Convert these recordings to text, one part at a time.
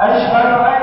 أشهد أن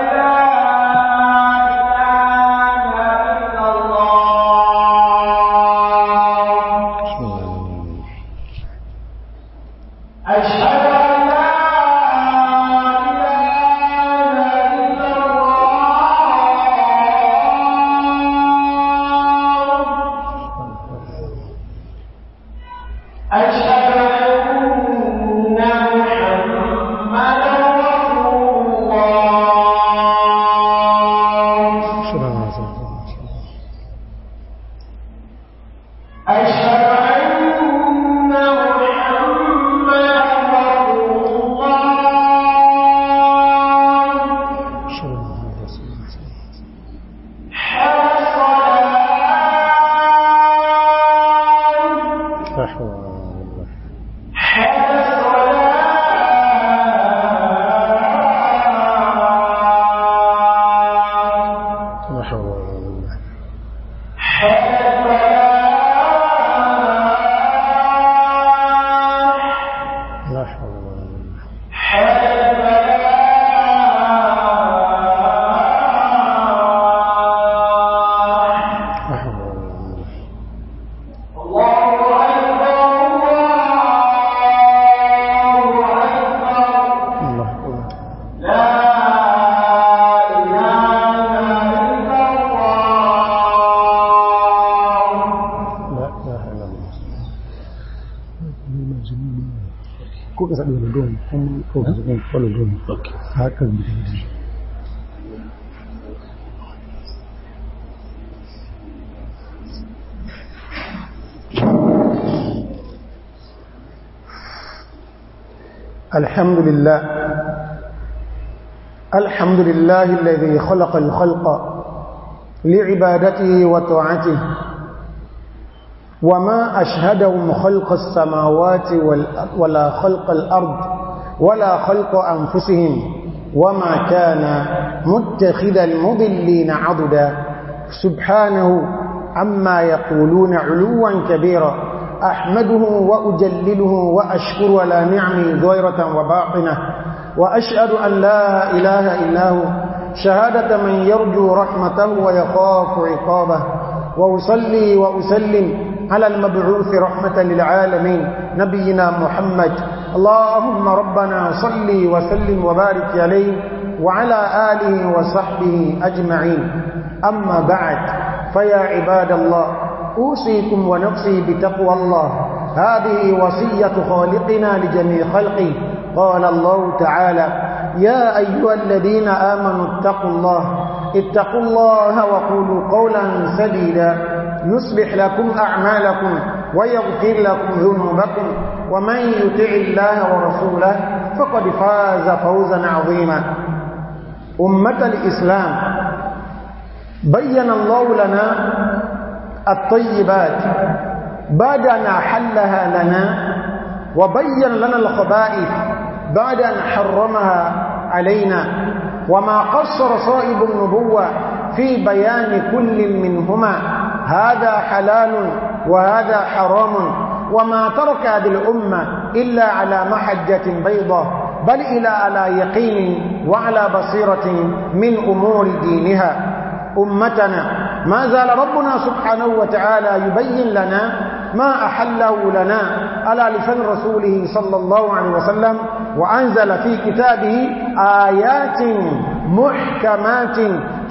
الحمد لله الحمد لله الذي خلق الخلق لعبادته وطاعته وما أشهدهم خلق السماوات ولا خلق الأرض ولا خلق أنفسهم وما كان متخذ المضلين عضدا سبحانه عما يقولون علوا كبيرا أحمده وأجلله وأشكر ولا نعمي ذويرة وباطنة وأشهد أن لا إله إلا هو شهادة من يرجو رحمته ويخاف عقابه وأصلي وأسلم على المبعوث رحمة للعالمين نبينا محمد اللهم ربنا صلي وسلم وبارك عليه وعلى آله وصحبه أجمعين أما بعد فيا عباد الله أوصيكم ونفسي بتقوى الله هذه وصية خالقنا لجميع خلقه قال الله تعالى يا أيها الذين آمنوا اتقوا الله اتقوا الله وقولوا قولا سديدا يصبح لكم أعمالكم ويغفر لكم ذنوبكم ومن يطع الله ورسوله فقد فاز فوزا عظيما أمة الإسلام بين الله لنا الطيبات بعد أن أحلها لنا وبين لنا الخبائث بعد أن حرمها علينا وما قصر صائب النبوة في بيان كل منهما هذا حلال وهذا حرام وما ترك هذه الأمة إلا على محجة بيضة بل إلى على يقين وعلى بصيرة من أمور دينها أمتنا ما زال ربنا سبحانه وتعالى يبين لنا ما أحله لنا على لسان رسوله صلى الله عليه وسلم وأنزل في كتابه آيات محكمات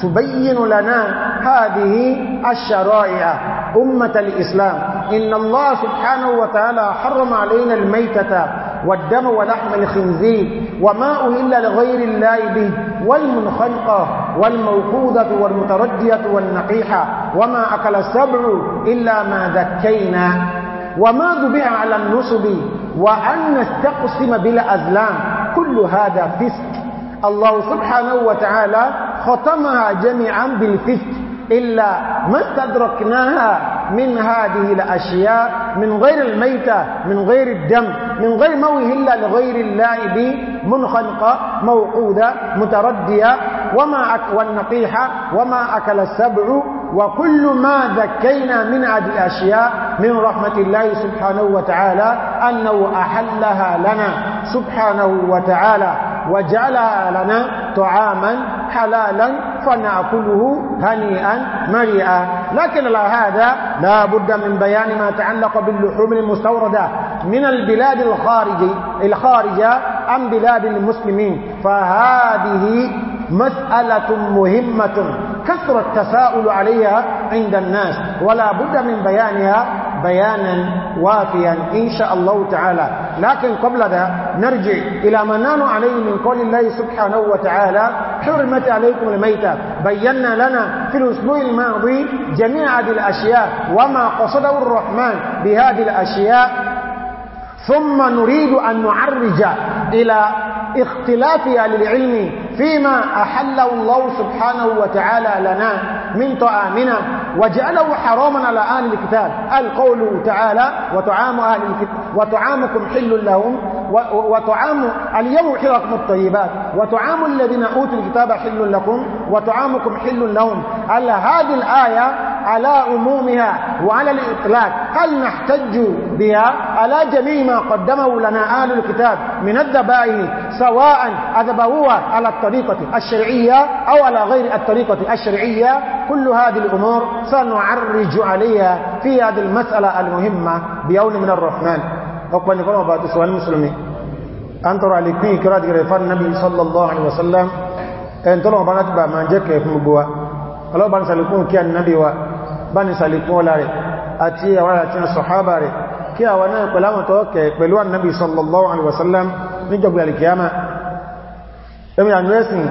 تبين لنا هذه الشرائع أمة الإسلام إن الله سبحانه وتعالى حرم علينا الميتة والدم ولحم الخنزير وما أهل لغير الله به والمنخنقة والموقوذة والمتردية والنقيحة وما أكل السبع إلا ما ذكينا وما ذبع على النصب وأن نستقسم بالأزلام كل هذا فسك الله سبحانه وتعالى ختمها جميعا بالفسك إلا ما استدركناها من هذه الأشياء من غير الميتة من غير الدم من غير إلا لغير الله به منخنقة موقودة متردية وما أكوى والنقيحة وما أكل السبع وكل ما ذكينا من هذه الأشياء من رحمة الله سبحانه وتعالى أنه أحلها لنا سبحانه وتعالى وجعلها لنا طعاما حلالا فنأكله هنيئا مريئا لكن على هذا لا بد من بيان ما تعلق باللحوم المستوردة من البلاد الخارجي الخارجة عن بلاد المسلمين فهذه مسألة مهمة كثر التساؤل عليها عند الناس ولا بد من بيانها بيانا وافيا إن شاء الله تعالى لكن قبل ذا نرجع إلى ما نان عليه من قول الله سبحانه وتعالى حرمت عليكم الميتة بينا لنا في الأسبوع الماضي جميع هذه الأشياء وما قصده الرحمن بهذه الأشياء ثم نريد أن نعرج إلى اختلاف أهل العلم فيما أحل الله سبحانه وتعالى لنا من طعامنا وجعله حراما على أهل الكتاب القول تعالى وتعام أهل الكتاب وتعامكم حل لهم وتعام اليوم حل الطيبات وتعام الذين أوتوا الكتاب حل لكم وتعامكم حل لهم على هذه الآية على عمومها وعلى الإطلاق هل نحتج بها على جميع ما قدمه لنا أهل الكتاب من الذبائح سواء أذبوها على الطريقة الشرعية أو على غير الطريقة الشرعية كل هذه الأمور سنعرج عليها في هذه المسألة المهمة بيوم من الرحمن أقبل نقول بعد سؤال المسلمين أن ترى لكي كرات غريفان النبي صلى الله عليه وسلم أن ترى láti bà máa jẹ́ kẹfún gbogbo wa ọlọ́bàá ń sàlùkún kí a bá ní sàlẹ̀kún ọlá rẹ̀ àti àwọn àti sọ̀hábà rẹ̀ kí àwọn náà pẹ̀láwọn tó kẹ pẹ̀lú annabi sallallahu alaihi wasallam ní jọgbẹ̀ alkiyama ẹmì àníwẹ́sìn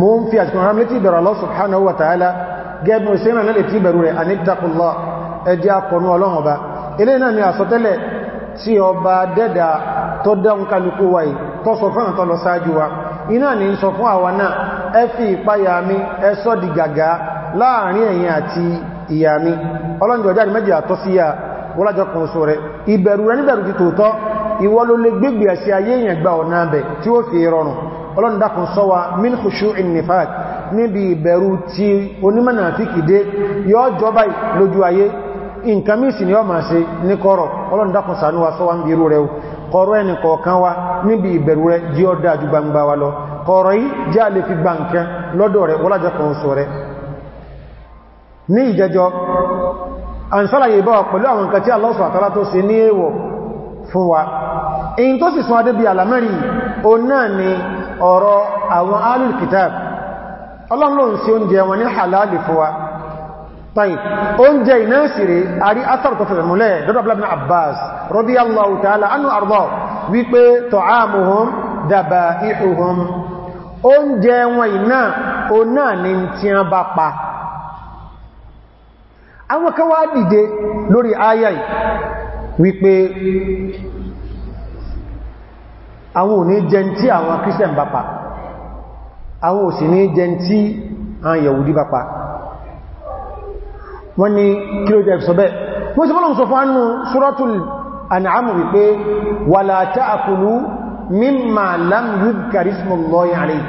mú ń fi àti kọ̀rọ̀ létí ìbẹ̀rọ Allah subhanahu wa ta'ala gẹ́gbùn ìsẹ́nà lẹ́lẹ̀ tí ìbẹ̀rù rẹ̀ anittaqullah ẹjẹ́ akọ̀nú ọlọ́run ọba ilé náà ni àsọtẹ́lẹ̀ tí ọba dẹ́dà tó dáun kálukú wa yìí tó gàgá láàrin ẹ̀yin àti ìyàmí ọlọ́njọ́ jáde méjì àtọ́ sí ya wọ́lájọ́ kan sọ rẹ̀ ìbẹ̀rù rẹ̀ níbẹ̀rù ti tòótọ́ ìwọ ló lè gbégbé ẹ̀sí ayé èèyàn gba ọ̀nà abẹ̀ tí ó fi rọrùn ọlọ́ndàkùn sọ́wà min khushu'in nifaq níbi ìbẹ̀rù tí onímọ̀nà àti kìdé yóò jọba lójú ayé nǹkan mísì ni ó máa ṣe ní kọ́rọ̀ ọlọ́ndàkùn sànúwà sọ́wà ń bí irú rẹ̀ kọ̀rọ̀ ẹni kọ̀ọ̀kan wa níbi ìbẹ̀rù rẹ̀ jí ó dájú gbangba wa lọ kọ̀rọ̀ yìí jẹ́ àlè fi gbà nǹkan lọ́dọ̀ rẹ̀ wọ́lájọ́ kan sọ rẹ̀ ní ìjẹjọ́ an sọ́làyé bọ́ pẹ̀lú àwọn nǹkan tí Allah subhanahu wa ta'ala tó ṣe ní èèwọ̀ fún wa èyí tó sì sún adé bí alamẹ́rin o náà ni ọ̀rọ̀ àwọn alul kitab ọlọ́run sí oúnjẹ wọn ní halali fún wa tayi oúnjẹ iná sire àrí asar tó fẹ̀rẹ̀ múlẹ̀ dọ́dọ̀ Ibn Abbas radiyallahu ta'ala anhu arda wípé oúnjẹ wọn iná o náà ni tí a bá pa àwọn kan wá dìde lórí ayá yìí wípé àwọn ò ní jẹ tí àwọn Christian bá pa àwọn ò sì ní jẹ tí àwọn Yahudi bá pa wọ́n ní kí ló jẹ́ ìfẹ́sọ́bẹ́ wọ́n sì fọ́lọ̀ sọ ánú Suratul An'am wípé wala ta'kulu mimma lam yudhkar ismullahi alayhi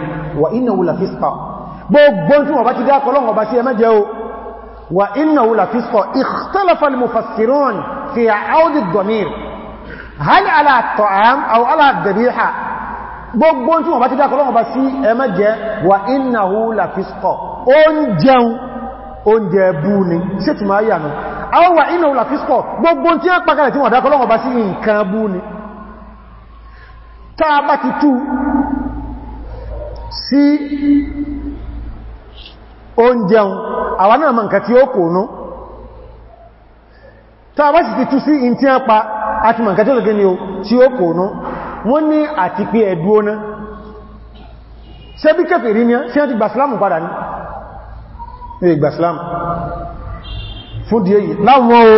وإنه لفصة اختلف المفسرون في عود الضمير هل على الطعام أو على الذبيحة بقبون شو مباتي داخل الله بسي أمجا وإنه لفصة أنجو أنجبوني شت ما يعني أو وإنه لفصة بقبون شو مباتي داخل الله بسي إنكابوني تابتي تو سي oúnjẹun àwọn náà mọ̀ nǹkan tí ó kò nú tó bá sì ti tú sí in tí a pa àti mọ̀ nǹkan tí ó lọ́gẹ́ ni ó tí ó kò nú wọ́n ní àti pé ẹ̀dú ọ̀nà ṣe bí kèfèrí ní ṣe ti gbàsílámù padà ní gbàsílámù fún di èyí láwọn o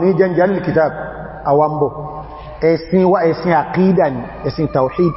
ní ìtawọ̀ kitab àwambọ̀ ẹ̀sìn wa ẹ̀sìn àkídà ni ẹ̀sìn tawhid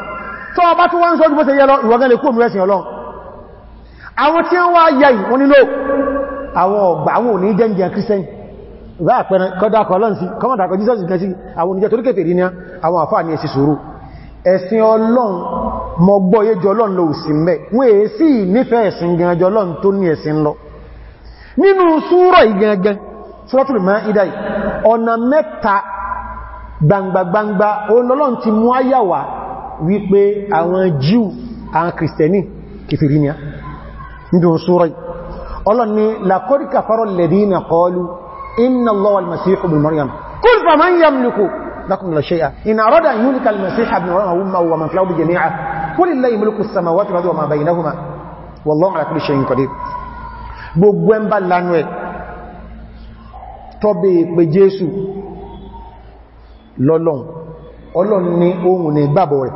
tó ọba tó wọ́n ń sọ́jú bó ṣe yẹ lọ ìwọ̀gán lè kó mú ẹ̀sìn ọlọ́run àwọn tí wọ́n wá yẹ ìwọ́n nílò àwọn ọgbà àwọn òní jẹ́ǹjẹ́ kírísẹ́yìn ìgbà àpẹẹrẹ kọ́dákọ̀ ọlọ́run sí kọ́mọ̀dàkọ̀ jesus nǹkan sí àwọn oníjẹ́ torí kèfèrí ní àwọn àfáà ní ẹ̀sì sòrò ẹ̀sìn ọlọ́run mọ gbọ́ yé jọ ọlọ́run lọ òsì mẹ́ wọ́n èé sí nífẹ̀ẹ́ ẹ̀sìn gan jọ ọlọ́run tó ní ẹ̀sìn lọ nínú ti mú áyàwá wípé àwọn jíù àwọn kìrìsìtẹ̀ní kìfìrí ni a níbi òṣúrọ̀ ọlọ́n ni laqad kafara alladhina qalu inna Allaha al-masih ibn maryam qul faman yamliku lakum la shay'a in arada an yulika al-masih ibn maryam wa ummuhu wa man fil ardi jami'an qulillahi mulku as-samawati wal ardi wa ma baynahuma wallahu ala kulli jésù lọ́lọ́n ọlọ́n ni ohun ní gbàbọ̀ rẹ̀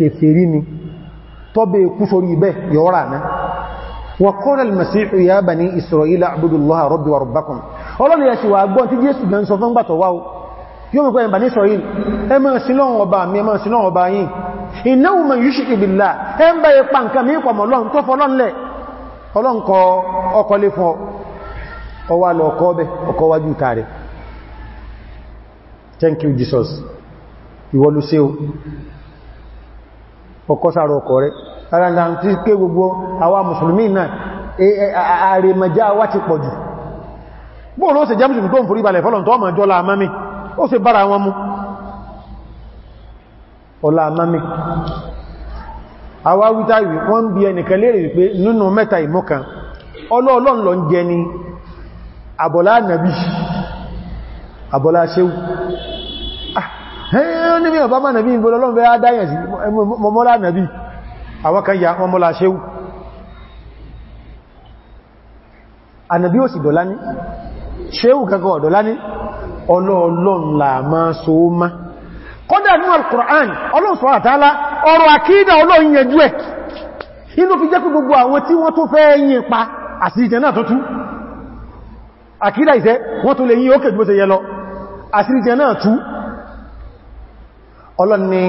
kèfèrí ni tọ́bẹ̀ kú sórí ibẹ̀ yọ́rà náà wa qala al-masihu ya bani isra'ila abudullaha rabbi wa rabbakum ọlọ́nà ya ṣe wà gbọ́n tí jésù gan sọ fún gbàtọ̀ wáwó yóò mẹ́kọ́ ẹ̀bà ní isra'il ẹ máa sí lọ́wọ́ ọba mi ẹ máa sí lọ́wọ́ ọba yìí innahu man yushrik ọkọ́sàrọ̀ ọkọ̀ rẹ̀ alága tí ké gbogbo àwa mùsùlùmí náà àrèmọ̀já e, e, wá ti pọ̀ jù bóò ló ṣe jẹ́ mùsùlùmí tó ń forí balẹ̀ fọ́lọ̀n tó ọmọ jọ́la amámi ó ṣe bára wọn mú ọlá ní mìíràn bá máa nàbí ìgbòrò ọlọ́run bẹ́ adáyẹ̀ sí mọ́mọ́lá nàbí àwọn kan ya mọ́mọ́lá ṣéwú ànàbí ò sì dọ̀lá ní ṣéwú kankan ọ̀dọ̀lá ní ọlọ́ọ̀lọ́n là máa so má kọ́dà ní al-Qur'an pa àti ìjẹ náà tó tú àkídà ìṣẹ́ wọ́n tó lè yí ó ọlọ́ni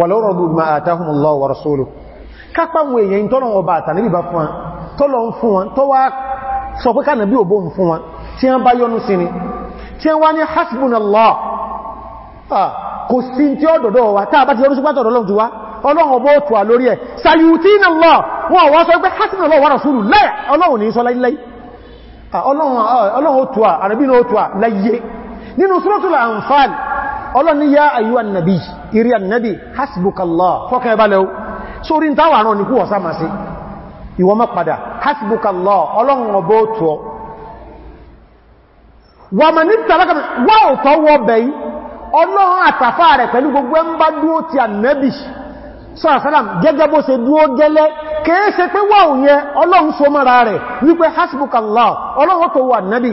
wàlọ́rọ̀bù ma àtàhùnmùlọ́ wà rasúlù kápáwọn èèyàn tọ́lọ̀ ọba àtàníbì bá fún wọn tọ́lọ̀ ń fún wọn tọ́wà sọ pé kánà bí òbó ń fún wọn tí wọ́n bá yọnú sí ni tí wọ́n ní hasbunallah kò sí tí ó dọ̀dọ̀ wa tá bá ti yọnú sí pátọ̀ ọlọ́run ju wa ọlọ́run ọbọ̀ òtù àlórí ẹ̀ sayutinallah wọn wọ́n sọ pé hasbunallah wà rasúlù lẹ́ nínú suratul Anfal ọlọ́ni yá àyíwá nàbí ìrí ànàbí hasbukallah fọ́kẹ́ balẹ̀ o sórí ń táwà náà ní kú ọ̀sá máa sí ìwọ má padà hasbukallah ọlọ́run ọbọ̀ òtù ọ wà mà ní tàbákà wà òtọ́ wọ bẹ̀yí ọlọ́run àtàfà rẹ̀ pẹ̀lú gbogbo ẹ ń bá dúó ti ànàbí sọ́rọ̀sọ́rọ̀m gẹ́gẹ́ bó ṣe dúó gẹ́lẹ́ kèése pé wà òun yẹ ọlọ́run so mọ́ra rẹ̀ wípé hasbukallah ọlọ́run tó wà nàbí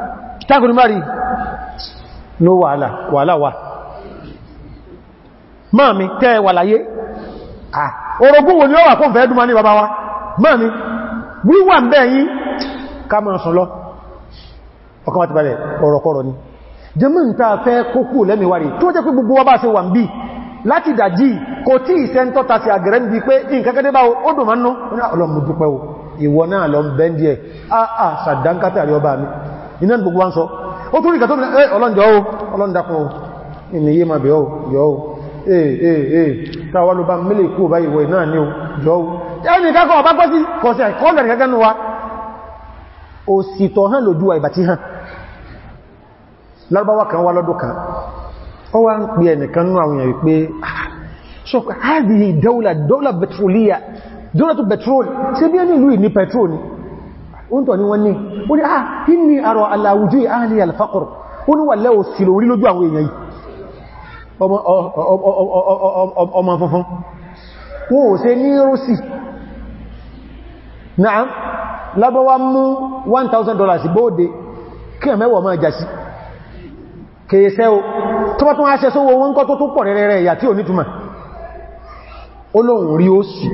Tákù ní márì, no wàhálà, wàhálà wà. Máa mi tẹ́ wà láyé, à, orogún wo ni ó wà fún fẹ́ dúnmà ní bàbá wa? Máa mi, wíwà ń bẹ́ yí, ká máa sùn lọ. Ọkàn ti balẹ̀, ọ̀rọ̀kọ́rọ̀ ni. Jẹ́mọ́ ń ta fẹ́ kókù lẹ́mìwárí, tó jẹ́ pé gbogbo wa bá ṣe wà ń bí láti dàjí kò tí ìṣẹ́ tọ́ta sí àgẹ̀rẹ́ ń bí pé ìǹkankan bá ó dùn máa ọlọ́mùdúpẹ́ ìwọ náà lọ bẹ́ndì ẹ̀ àà ah, ah, sàdánkátà rí ọba mi iná gbogbo wá ń sọ ó tún rí ìkà tó bí ẹ ọlọ́njọ́ ó ọlọ́ndakùn ó ìnìyé ma bẹ̀ ó yọ ó ee ee ee tàwà ló bá mílè kú bá ìwọ̀ náà ní ó yọ ó ẹni kákọ̀ ọba gbọ́ sí kọ̀ọ̀sẹ̀ kọ́lẹ̀ gẹ́gẹ́ nù wa ó sì tọ̀ hàn lójú wa ìbàtí hàn lárúbáwá kan wá lọ́dún kan ó wá ń pè ẹnìkan nú àwọn èèyàn wípé sọ pé hádìí dọ́là dọ́là bẹtroliya dọ́là oúntọ̀ ni wọ́n ní ó ní ah kí ni àrọ̀ aláwùjú ahli alfaqr ó ní wà lẹ́ò sí lórí lójú àwọn èèyàn ọmọ funfun kó ò se ní rúsì náà lábọ́wá mú $1000 bóòdé kí ẹ mẹ́wọ̀ máa jásí kèèsẹ́ o tó bá tún á ṣe sówó wọn kọ́ tó tó pọ̀ rẹ̀rẹ̀ ìyà tí ò nítumọ̀ ó lóhun rí ó sì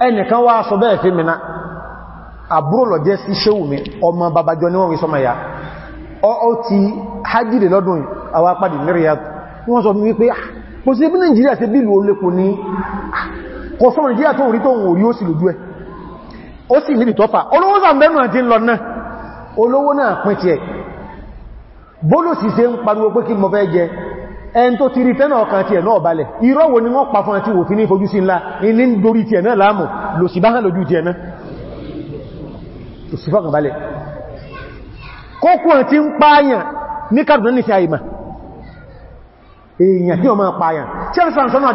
ẹnìkan wá sọ bẹ́ẹ̀ fi mìíná àbúrò lọ jẹ́ sí ṣéwù mi ọmọ babajọ ni wọ́n wí ya ọ ti hajjìdè lọ́dún àwọn apàdì mẹ́rìyà wọ́n sọ wípé ah, kò sí bí Nàìjíríà sí bílù ah, kò sọ orí olówó ẹn tó ti rí fẹ́nà ọkàn tí ẹ̀ náà balẹ̀ irọ́ wo ni wọ́n pa fún àti òfin ní fojú sí ńlá ilé ń dorí tí ẹ̀ náà láàmù lò sí bá hàn lójú tí ẹ̀ náà tó sì fọ́kàn balẹ̀ kókù àti ń pààyàn ní kàrùn ní ṣe àìmà èèyàn tí ó máa pààyàn tí ẹ̀rẹ́ sàǹsọ́nà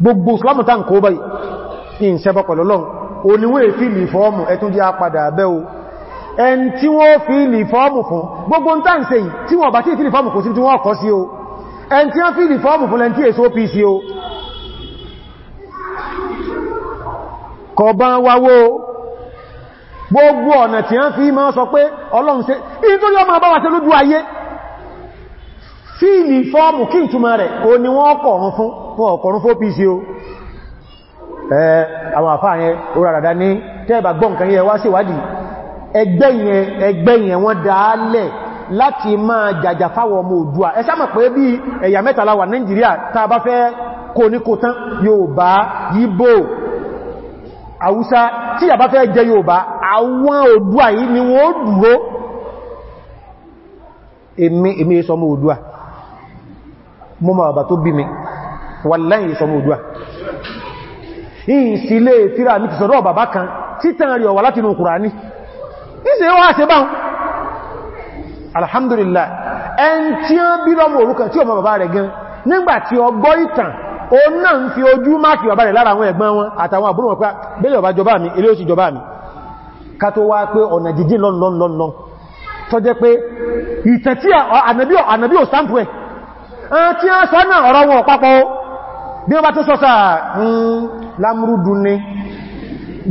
gbogbo islam tán kó báyìí in sẹba pẹ̀lọ́lọ́n oníwé fíìlì fọ́ọ̀mù ẹ̀tún jẹ́ apadà abẹ́ o ẹn tí wọ́n fíìlì fọ́ọ̀mù fún gbogbo ń tàn sẹ́yìn tí wọ́n bá tí fíìlì fọ́ọ̀mù kò sí tí wọ́n kọ́ sí o ẹn tí wọ́n fíìlì fọ́ọ̀mù fún lẹ́ntí èso o kọba wáwó fíìlì fọ́ọ̀mù kí ìtumọ̀ rẹ̀ o ni wọ́n kọ̀rún fún wọ́n kọ̀rún fún pc o ẹ̀ àwọn àfáà yẹn ó rárá ní tẹ́ẹ̀bà gbọ́n kan yẹ wá sí ìwádìí ẹgbẹ́ yẹn la wà Nàìjíríà tá a bá fẹ́ kó ní kó tán Yorùbá Yíbò ni wọ́n dúró èmi èmi sọmọ mo ma bàbá tó bí mi lẹ́yìn ìsọmọ òdúwà a sí si tíra mi ti sọ̀rọ̀ bàbá kan títàn rí ọ̀wà láti inú ní ìsẹ̀ wá ṣe báhùn alhamdulillah ẹn tí ó bí lọ́mọ òrukàn tí ọmọ bàbá rẹ̀ gan nígbàtí ọgbọ́ ìtàn ó náà ń fi ojú tí a sọ́nà ọ̀rọ̀ wọn papọ̀ bí wọ́n bá tó sọ́sà hmm, lámúrúdú ní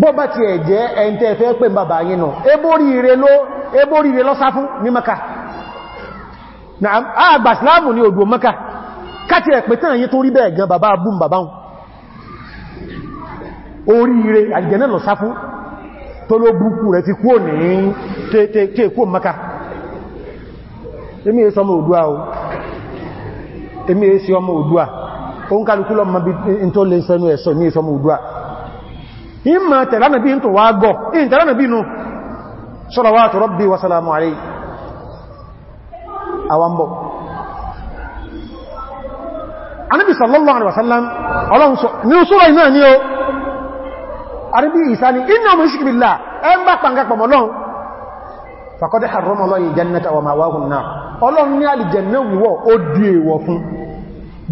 bó bá ti ẹ̀jẹ́ ẹ̀ntẹ́ fẹ́ pè bàbá yìí nà ebórí rẹ̀ lọ sáfún ní maka na àgbà sílámù ní odò maka káti ẹ̀ pẹ̀tàn yìí tó rí bẹ́ẹ̀ gan bàbá bú bàbá orí rẹ̀ àjẹ́nà lọ sáfún tó ló burúkú rẹ̀ ti ní kéèkó maka èmi èsì ọmọ òdúà o ń kálukú lọ mọ́ bí n tó lè sẹ́nu ẹ̀sọ ní èsì ọmọ òdúà ìmọ̀ tẹ̀lánà bí n tó wá gọ́ in tẹ̀lánà bí nù salawatu rabbi wa salamu alayhi àwambọ̀ anábi sallallahu alaihi wasallam ọlọ́nsọ ni ó súnrọ̀ iná ni ó arábí ìsáni iná mọ̀ ìṣìkìbìlá ẹ ń bá pàǹkà fàkọ́dé harrọ́mọ́ lọ́yìn jannata wa mawahun náà ọlọ́run ní alìjẹ̀nà wíwọ́ ó dí èwọ̀ fún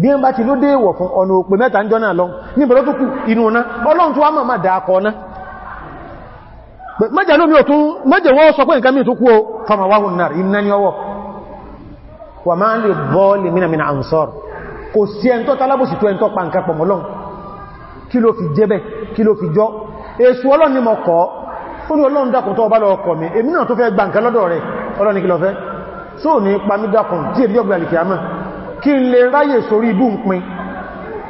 bí ẹn bá ti ló dé èwọ̀ fún ọ̀nà òpè mẹ́ta ń jọ́nà lọ ní ìbẹ̀rẹ̀ tó kù inú ọ̀nà ọlọ́run tó wá máa máa dáakọ̀ ọ̀nà mẹ́jẹ̀ lómi òtún mẹ́jẹ̀ wọ́n sọ pé nǹkan mí tó kú o famawahun náà iná ni mọ̀ ó ní ọlọ́run dákùn tó ọba lọ́ọ̀kọ̀ mi èmi náà tó fẹ́ gba nǹkan lọ́dọ̀ rẹ̀ ọlọ́ni kí lọ fẹ́ tó ní pàmí dákùn tí èdè ọgbà lè kìámà kí n lè ráyè sórí ibú ń pin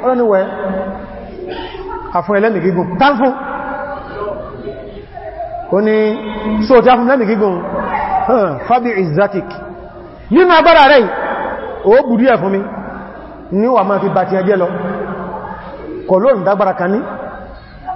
ọlọ́ni wẹ́ àfún ẹlẹ́mì gígùn tán fún ó ní só tí a fún ẹlẹ́mì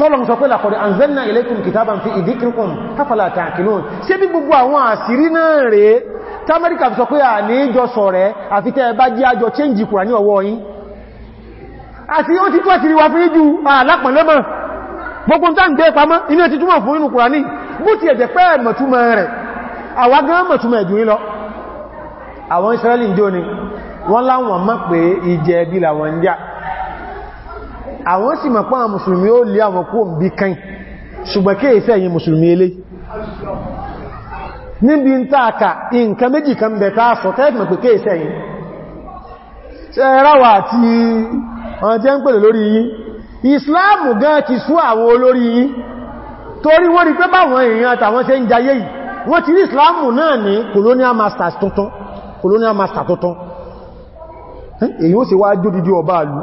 tọ́lọ̀n sọ pé laqad anzalna ilaykum kitaban fi dhikrikum afala ta'qilun ṣe bí gbogbo àwọn àṣírí náà rẹ̀ tí amẹ́ríkà sọ pé à ní ìjọ sọ̀rẹ̀ àfi tẹ́ bá jí àjọ change kùrà ní ọwọ́ yín wa fún ijú alápọ̀lẹ́mọ̀ gbogbo tá ń gbé pamọ́ inú ti túmọ̀ fún inú kùrà ní bú ti ẹ̀jẹ̀ pẹ́ mọ̀túmọ̀ rẹ̀ àwa gan mọ̀túmọ̀ ẹ̀jù àwọn Israẹli ń ni wọ́n láwọn mọ̀ pé ìjẹ́ bí làwọn ń jà àwọn sì mọ̀ pán musulmi ó lé àwọn kó ń bí kan ṣùgbọ́n kí èsẹ́ yìí mùsùlùmí ilé níbi ń tààkà nǹkan méjì kan bẹ̀ tàà sọ tẹ́ẹ̀kùn kí èsẹ́ yìí ti wọ́n colonial tuntun colonial master tuntun èyí ó sì wá jódìdí ọba àlú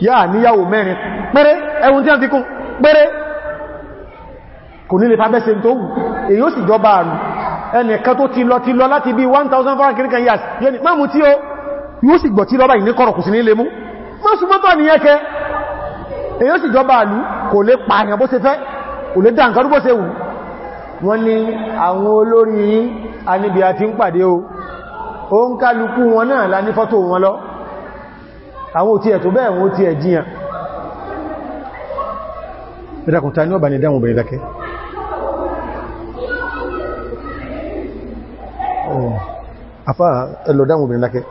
yà níyàwó mẹ́rin pẹ́rẹ́ ẹwùn tí a fi kún pẹ́rẹ́ kò nílé fàbẹ́sẹ̀ tó wù èyí ó sì jọba àrùn ẹnìkan tó ti lọ ti lọ láti bí 1,500 years yóò ní máàmù tí ó yóò sì gbọ̀ tí lọ́bà ìní kọ̀rọ̀ kù sí nílé mú mọ́sùmọ́tọ̀ ní ẹ́kẹ́ èyí ó sì jọba àlú kò lè pààyàn bó ṣe fẹ́ àwọn òtí ẹ̀ tó bẹ́ẹ̀ wọ́n tí ẹ̀ jíyàn ìdákùntà ní ọ̀bà ní dáwọn obìnrin dákẹ́ afá ẹlọ dáwọn obìnrin dákẹ́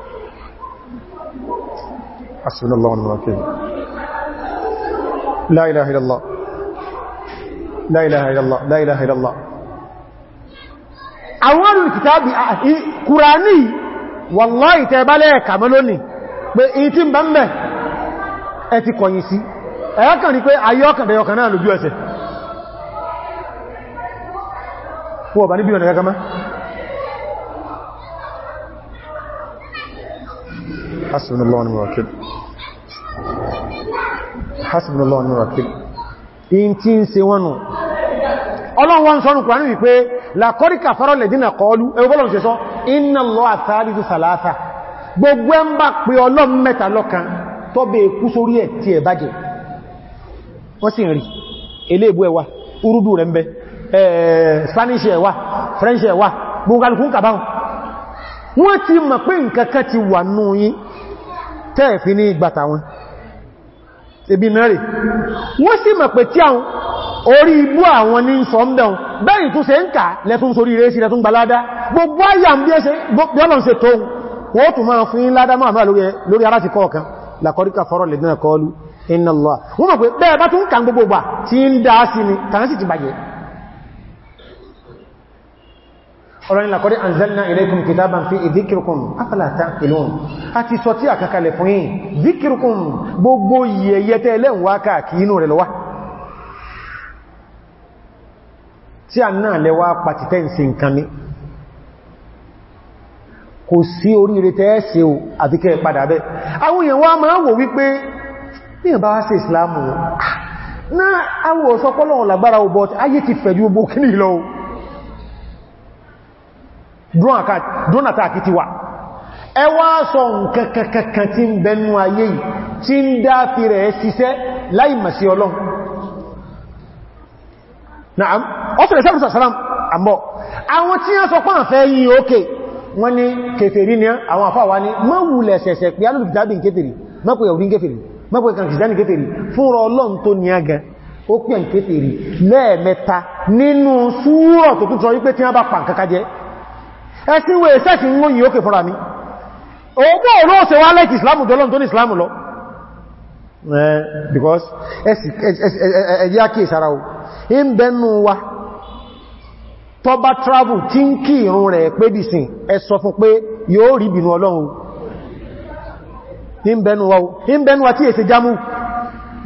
asìnàlọ́ wọn wọ́n kéèrè la ilaha illallah la ilaha illallah la ilaha illallah àwọn olùkìtàbí kùránì wallahi tẹ́bálẹ̀ kàmọ́ lónìí pé èyí tí ń bá ń bẹ̀ ẹ ti kọ̀yìn sí ẹ̀yọ́kàn rí pé ayé ọkàn dẹyọkàn náà lójú ẹsẹ̀ wọ́n bá níbi ọ̀nà gagama hasbunallahu wa ni'mal wakeel hasbunallahu ọlọ́run wọ́n sọ́nù kùránì gbogbo ẹ ń bá pé ọlọ́m mẹ́ta lọ́kan tó bè kú sórí ẹ̀ tí ẹ̀ bàjẹ́ wọ́n sì ń rí eléèbú ẹwà urúdù rẹ̀ ń bẹ Spanish ẹwà French ẹwà gbogbo kàbáhùn wọ́n ti mọ̀ pé nkankan ti wà nú yín tẹ́ẹ̀fì ní ìgbàta wọn ebi mẹ́rin wọ́n sì mọ̀ pé tí àwọn orí ibú àwọn ní sọ ń bẹ̀rún bẹ́yìn tó ṣe ń kà lẹ́tún sórí rẹ̀ sí lẹ́tún gbalada gbogbo ayà ń bí ọ́nà ṣe tóun wọ́n tún máa fún ládámà máa lórí aláti kọ̀ọ̀kan lakọ́ríkà fọ́rọ̀ lè náà kọlu iná wọ́n mọ̀ pé bẹ́ẹ̀ bá tún kàn gbogbo gbà tí ń dá sí ni tàbí sì ti bàjẹ́ ọ̀rọ̀ni lakọ́rí anzalna ilaykum kitaban fi ìdíkirkun afala ta'qilun a ti sọ tí àkàkalẹ̀ fún yìí gbogbo inú rẹ̀ tí a náà kò sí oríire tẹ́ẹ̀ṣe o àti kẹ́ padà bẹ́ àwọn èèyàn wá máa wò wípé èèyàn bá wá sí ìsìláàmù ah, náà àwọn ọ̀sọ́pọ̀lọ̀ lágbára o but ti nkankankan tí ayé yìí tí ń dá àwọn tí wọ́n ní kèfèrí ní àwọn àfáwà ní mọ́ wùlẹ̀ ṣẹ̀ṣẹ̀ pé alùbìtàbìn kèfèrí mọ́pẹ̀ òrin kèfèrí mọ́pẹ̀ kàkìsìdáni kèfèrí fúnra ọlọ́run tó ní agan ó pẹ̀ kèfèrí lẹ́ẹ̀mẹ́ta nínú súúrọ̀ tó tún sọ wípé tí wọ́n bá pa nǹkan jẹ ẹ̀sìn wèé sẹ́sìn ń yìí ókè fúnra mi ọgbọ́ olóòsẹ̀ wá lẹ́kì ìsìlámù jọlọ́n tó ní ìsìlámù lọ because ẹ̀yà kí ìsára o in bẹnu wa tó bá travel tí ń kí ìrun rẹ̀ pé dìsìn ẹ sọ fún pé yóò rí ìbìnú ọlọ́run ìbẹnuwa tí èsè jámù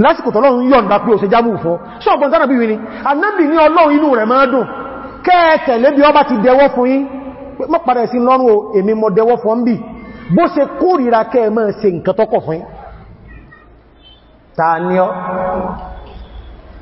lásìkò tọ́lọ́run yọ̀nda pé òsè jámù fọ́ ṣọ́gbọ́n tánàbí wí ni anábì ní ọlọ́run inú rẹ̀ máa dùn kẹ́ẹ̀tẹ̀lé bí ọba ti dẹwọ́ fún yín mọ́ padà sí lọ́rùn o èmi mọ́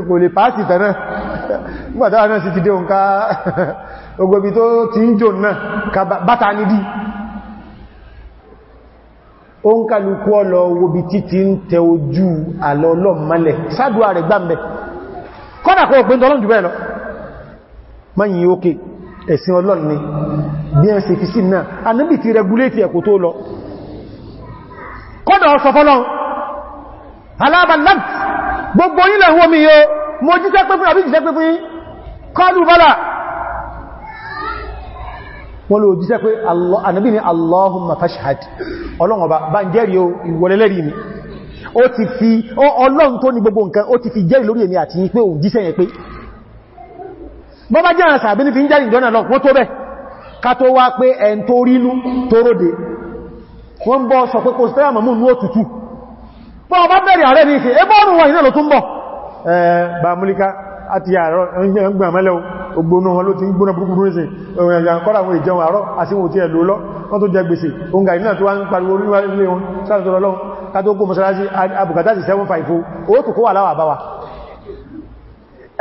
kò lè pàásì tẹ́nà gbàtàwà náà ti dé òǹkà ogobi tó ti ń ka bátà nídí O ń kàlùkú ọlọ wobi títí ń tẹ ojú àlọ ọlọ́mọlẹ̀ sádùá rẹ̀ gbámbẹ̀ kọ́nà kọ́ òpin tọ́lọ́n jù bẹ́ẹ̀ lọ ẹ̀sìn ni bí ẹ̀ naa fi sí náà anábì ti rẹgúlétì ẹ̀kọ́ tó lọ kọ́nà gbogbo yín lẹ́hùn omi yóò mo jíṣẹ́ pé fún àbí jíṣẹ́ pé fún yín kọlu bala wọ́n lò jíṣẹ́ pé ànábì ni allahumma bá ń o ìwọlẹ́lẹ́rì ti fi ọlọ́run tó ní gbogbo nǹkan ó ti fi jẹ́rìí lórí èmi àti pé òun jíṣẹ́ yẹn pé jẹ́ àbí ní fi ń jẹ́rìí ìjọ́nà lọ wọ́n tó bẹ́ ká tó wá pé ẹn tó rínú tó bọ́ ọba bẹ̀rẹ̀ ààrẹ ní ìṣẹ́ ẹbọ́rùn wọn ìrìnlẹ̀ tún bọ̀ bá múlíká àti àgbà mẹ́lẹ̀ ògbónú wọn ló ti ń gbóná burúkú rúrìsìn òyìnbà kọ́ra àwọn ìjẹun àárọ̀ àsíwò tí ẹ lò lọ wọ́n tó jẹ gbèsè òun gàrí náà tó wá ń pariwo orí ilé wọn sáàtọ̀ lọ́wọ́n kátó kó mọ́sálásí abùkátà sí 750 ó tó kó wà láwà bá wa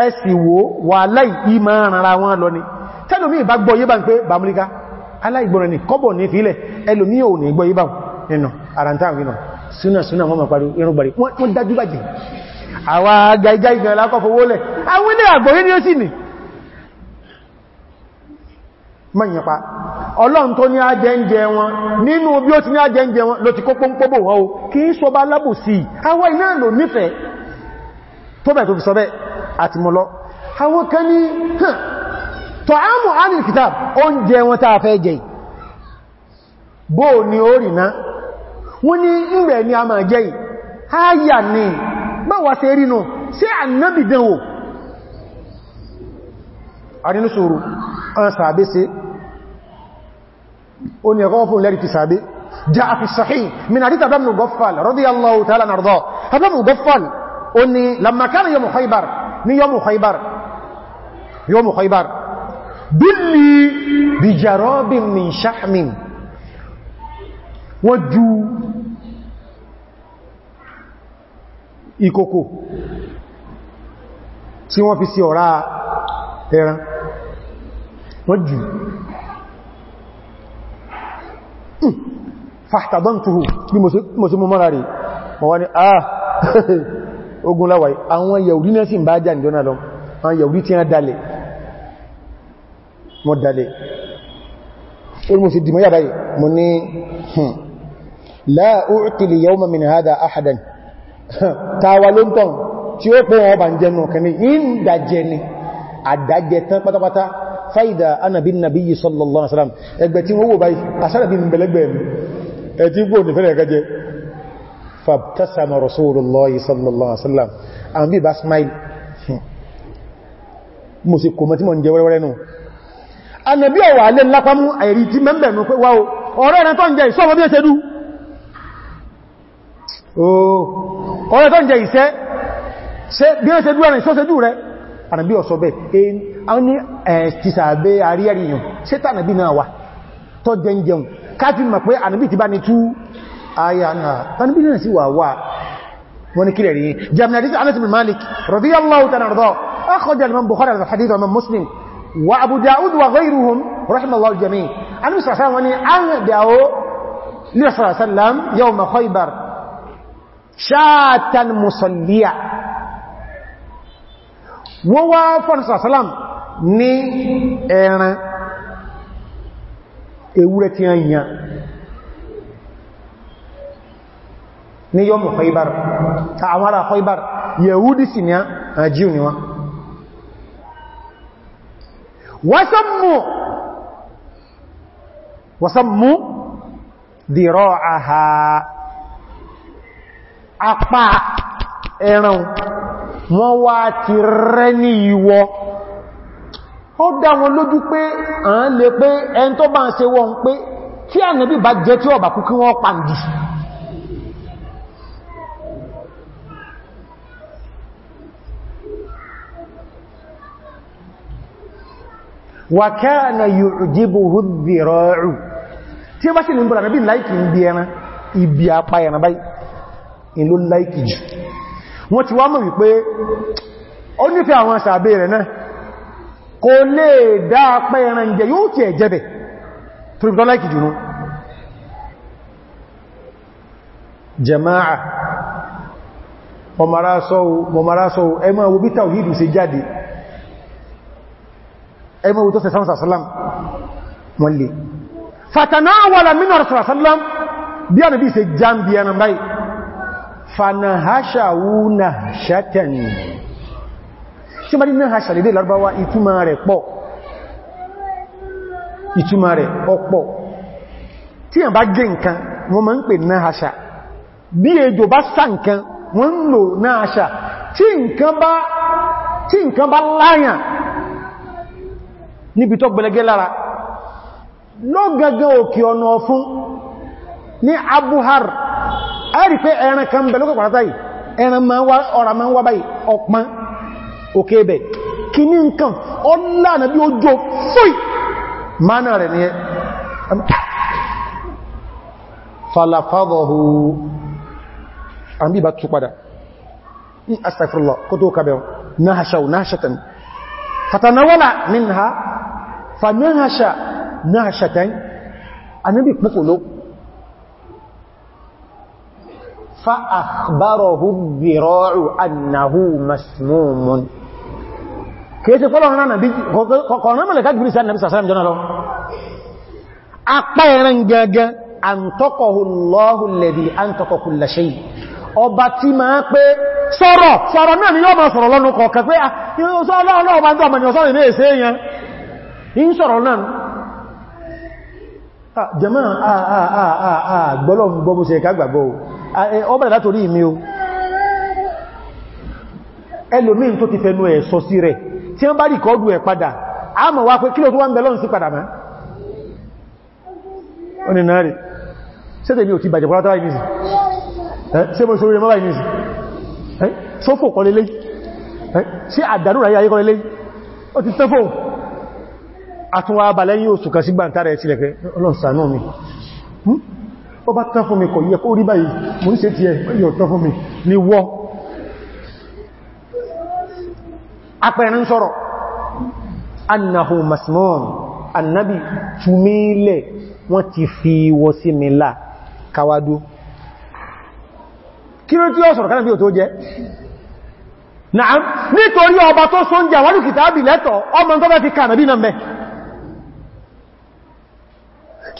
ẹ̀sì wo wà láì ìmọ̀ ara wọn lọ ni tẹ́lùmí ìbá gbọ́ yé bá ń pé bá múlíká aláìgbọ́n ni kọ́bọ̀ ní fílẹ̀ ẹlòmí ò ní gbọ́ yé bá nínú àrántà nínú súnà súnà wọ́n ma parí irun gbàrí wọ́n dájú bàjẹ́ àwọn agaigá ìgbẹ̀rẹ̀ lákọ́fowólẹ̀ àwọn ilé àgbọ̀rí ni ó sì ní mọ́yìnpa ọlọ́run tó ní ajẹ́ǹjẹ wọn nínú bí ó ti ní ajẹ́ǹjẹ wọn ló ti kó pọ́npọ́bò wọn o kì í sọ bá lábò sí àwọn iná lò nífẹ̀ẹ́ tó bẹ̀ tó bóò ni ó rìnà wọ́n ní ìgbẹ̀ ni a máa jẹ́ yìí ayà ni báwa ṣe rí náà sí ànábì dánwò àrínú sòrò an sàbé sí ó ní ẹ̀kọ́ fún lẹ́rì ti sàbé já a fi sahih min àríta bá mú gọ́fàl radiyallahu ta'ala min shahmin wọ́n ju ìkòkò tí wọ́n fi sí ọ̀rá ẹran wọ́n jù hmm. fàtàbọ́ntuhù bí mo sí mú mọ́ra rí wọ́n ni a ogun láwàí àwọn yàúrí náà sì ń bá jà nìjọ́nà lọ àwọn yàúrí tí wọ́n dalẹ̀ wọ́n dalẹ̀ orí mo sì dìmọ́ yàbáyì mo ní hùn hmm la u'ti li yawma min hadha ahadan tawalonton tí ó pọ̀ wọn ba nje nu kan ni indaje ni adaje tán pátápátá faida ana bin nabiy sallallahu alaihi wasallam egbe tí wọ́n wò báyìí asara bi nbelegbe mi e ti gbo ni fere kaje fabtasama rasulullah sallallahu alaihi wasallam an bi ba smile mo se ko mo ti Oh. ọ̀rẹ́ tó ń jẹ ìṣẹ́ bí ó ṣe dúró rẹ̀ ṣó ṣe dúró rẹ̀ ànàbí ọ̀sọ̀ bẹ̀ àwọn ní ẹ̀ẹ̀tìsàbẹ̀ àríyàríyàn ṣe tànàbí náà wà tó jẹ jẹun káàfin mọ̀ pé ànàbí ti bá ní tú ayà náà tànàbí náà sí wà wà wọ́n ni kílẹ̀ rí jẹ́mìnà àdísì Anas bin Malik radiyallahu ta'ala anhu akhraja al-Imam Bukhari ṣáàtàn musalliya wọ́n wá fọ́nà sàlám ní ẹran ewúrẹ́ tí a yìnyàn ní yọ́ mọ̀ Khaybar àwọn ará Khaybar yẹ̀húdí sì ní ni wọ́n wasammu wasammu dìrọ́ àhàá apá ẹran wọ́n wá ti rẹ́ ní ìwọ ó dá wọn lójú pé à ń lè pé ẹn tó bá ń ṣe wọ́n pé tí ànàbí bá jẹ tí ọ̀bà kú kí wọ́n pàǹdì wàkẹ́ẹ̀nà yu'jibuhu ad-dira'u tí ó báyìí in ló láìkì jù wọ́n ti wá mọ̀ wípé ó nífẹ́ àwọn sàbẹ̀ rẹ̀ náà kò lè dáa pẹ́ ẹran jẹ yóò tí ẹ̀ jẹ́bẹ̀ tó rí láìkì jù náà jama'a ọmọrásọ́ ẹmọ́ wo bí tàwídù ṣe jáde ẹmọ́ wo tó sẹ̀sán sàsálàm wọ́n lè bí ànàbí ṣe já bí ẹran báyìí fanahashawu nahshatan tí ní nahasha lédè Lárúbáwá ìtumà rẹ̀ pọ̀ ìtumà rẹ̀ tí bá nahasha bí bá sá nǹkan nahasha tí nǹkan bá láyàn níbi tó gbẹ̀lẹ́gẹ́ lára òkè ọ̀nà ọ̀fún a rí pé ẹran kan bẹ̀ lókè pàtàkì ẹran ọ̀rà ma ń wá báyìí ọpán òkè ẹbẹ̀ kì ní nǹkan ọlànà bí ojò fúì mana rẹ̀ nìyẹn falafadọ̀hù àbí bá tú padà ní astagfirullah kó tó kàbẹ̀ náhàṣàwò náhàṣàtàn fatanawala minha فأخبره الذراع أنه مسموم kèése fọ́lọ̀rọ̀ náà nàbí kọ̀ọ̀nà mọ̀lẹ̀ká jùlọ sáà nàbí sàṣàrà jọna lọ apá ẹran gẹ́gẹ́ àntọ́kọ̀hùlọ́hùlẹ̀bí àntọ́kọ̀kùlẹ̀ṣẹ́ ọba tí máa pé sọ̀rọ̀ sọ̀rọ̀ náà ni yọ́ ma sọ̀rọ̀ lọ́nu kọ̀ọ̀kẹ́ pé Ah, jẹmọ́ àgbọ́lọ́m ah, ah, gbọ́bọ́ ṣe ká gbàgbọ́ ọbẹ̀rẹ̀ látorí ìmí o eh, ẹlòmín tó ti fẹnu ẹ̀ sọ sí rẹ̀ tí wọ́n bá rí kọ́ọ̀dù ẹ̀ padà a mọ̀ wá pé kí ló tó wá ń bẹ̀lọ́n sí padà máa ó ní náà rí sẹ́tẹ̀ ní ò ti bàjẹ̀ pọ́lá tàbí nìsì eh, ṣe mo ṣorí mọ́bàá nìsì eh, ṣófò kọlẹ́lẹ́ sí àdánù ráyé ayé kọlẹ́lẹ́ ó ti tẹ́fò àtúnwà abalẹ́ yóò sùkà sí gbàntà rẹ̀ sílẹ̀ pé ọlọ́sànà mi hmm? ó bá tán fún mi kọ̀ yẹ kó rí báyìí mo ń ṣe ti ẹ yóò tán fún mi ní wọ́ apẹ̀rin sọ́rọ̀ annahu masmon annabi fúmílẹ̀ wọ́n ti fi wọ sí mi lá kawádó kí ló tí tó jẹ́ náà nítorí àwọn kìtàbì lẹ́tọ̀ ọmọ tó bẹ́ fi kànàbí náà mẹ́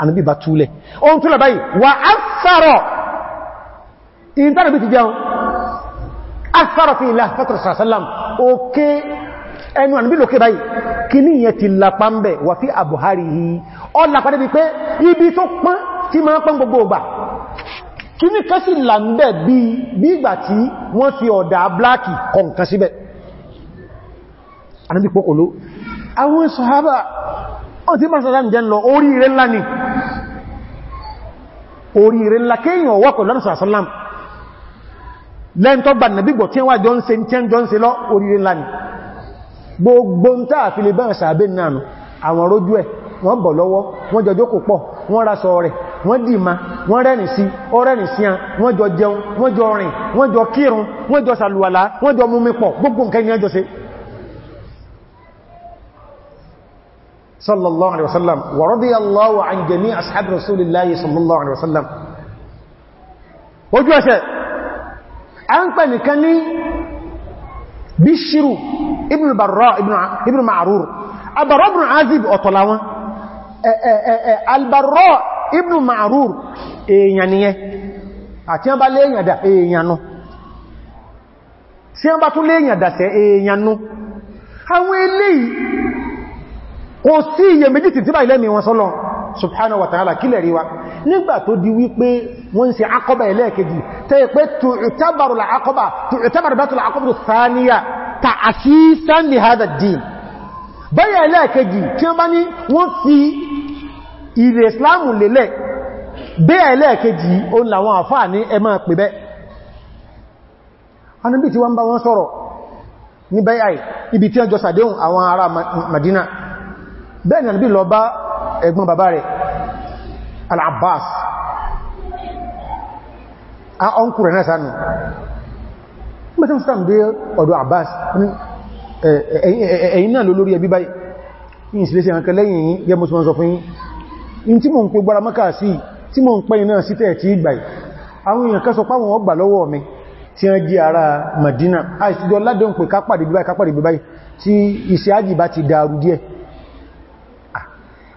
ànàbí bá túlẹ̀ ohun túlẹ̀ báyìí wà áfàrọ̀ ìntànàbí ti jẹun áfàrọ̀ fi ilá fẹ́tọ̀sàsálàm òkè ẹnu ànàbí lókè báyìí kí ní ìyẹn ti lápá ń bẹ̀ wà fí àbùhárì yìí ọ lápá débi pé ibi tó pán tí máa pán gbogbo ọgbà kí ní kẹ́sì là ń bí ìgbà tí wọ́n fi ọ̀dà bláàkì kọ̀ǹkan síbẹ̀ àwọn sọ̀hábà ọ̀tí mọ́sàdá ń jẹ́ lọ orí rẹ̀ ni oríire ńlá kéèyàn ọwọ́ pẹ̀lú ọ̀nà sàásánlám lẹ́ntọ́ gbà nàbígbọ̀ tí wá jọ ń ṣe tí jọ ń ṣe lọ oríire ńlá ni gbogbo ń tàà fi lè bẹ́ẹ̀ sàábé náà àwọn rójú ẹ̀ wọ́n bọ̀ lọ́wọ́ wọ́n jọ jókòó pọ̀ wọ́n ra sọ rẹ̀ wọ́n dì ma wọ́n rẹ́rìn sí ọrẹ́rìn sí a wọ́n jọ jẹun wọ́n jọ rìn wọ́n jọ kírun wọ́n jọ sàlùwàlá wọ́n jọ mumi pọ̀ gbogbo nǹkan ni ẹjọ́ ṣe صلى الله عليه وسلم ورضي الله عن جميع أصحاب رسول الله صلى الله عليه وسلم وجوة أنت لكني بشرو ابن براء ابن, ع... ابن معرور أبراء ابن عازب أطلاوة البراء ابن معرور يعني àti ọba lẹ́yìn àdá èèyànú tí ọba tún lẹ́yìn àdá sẹ èèyànú kò sí iye méjì tí tíbà ilẹ́mi wọn sọ́lọ subhanahu wa ta'ala kílẹ̀ ríwa nígbà tó di wípé wọ́n ń ṣe akọba ẹlẹ́ẹ̀kejì tẹ́ pé tu'tabaru al-aqaba tu'tabaru batu al-aqaba thaniya ta'asisan li ilẹ̀ islamu lélẹ̀ bẹ́ẹ̀ ẹlẹ́ẹ̀kejì o n làwọn ibi tí wọ́n sàdéhùn àwọn ará Madina bẹ́ẹ̀ nàbí lọ bá ẹ̀gbọ́n bàbá rẹ̀ al-abbas a ọkùn rẹ̀ náà sánú mẹ́sàn sánú dé ọ̀dọ̀ abbas ẹ̀yìn náà ló lórí ẹbí báyìí yìí sílé sí àkẹ́ lẹ́yìn yìí yẹ mọ́sùn sọ tí mo ń jí ara Madina pè kápàdé kápàdé tí àjì bá ti dàrú díẹ̀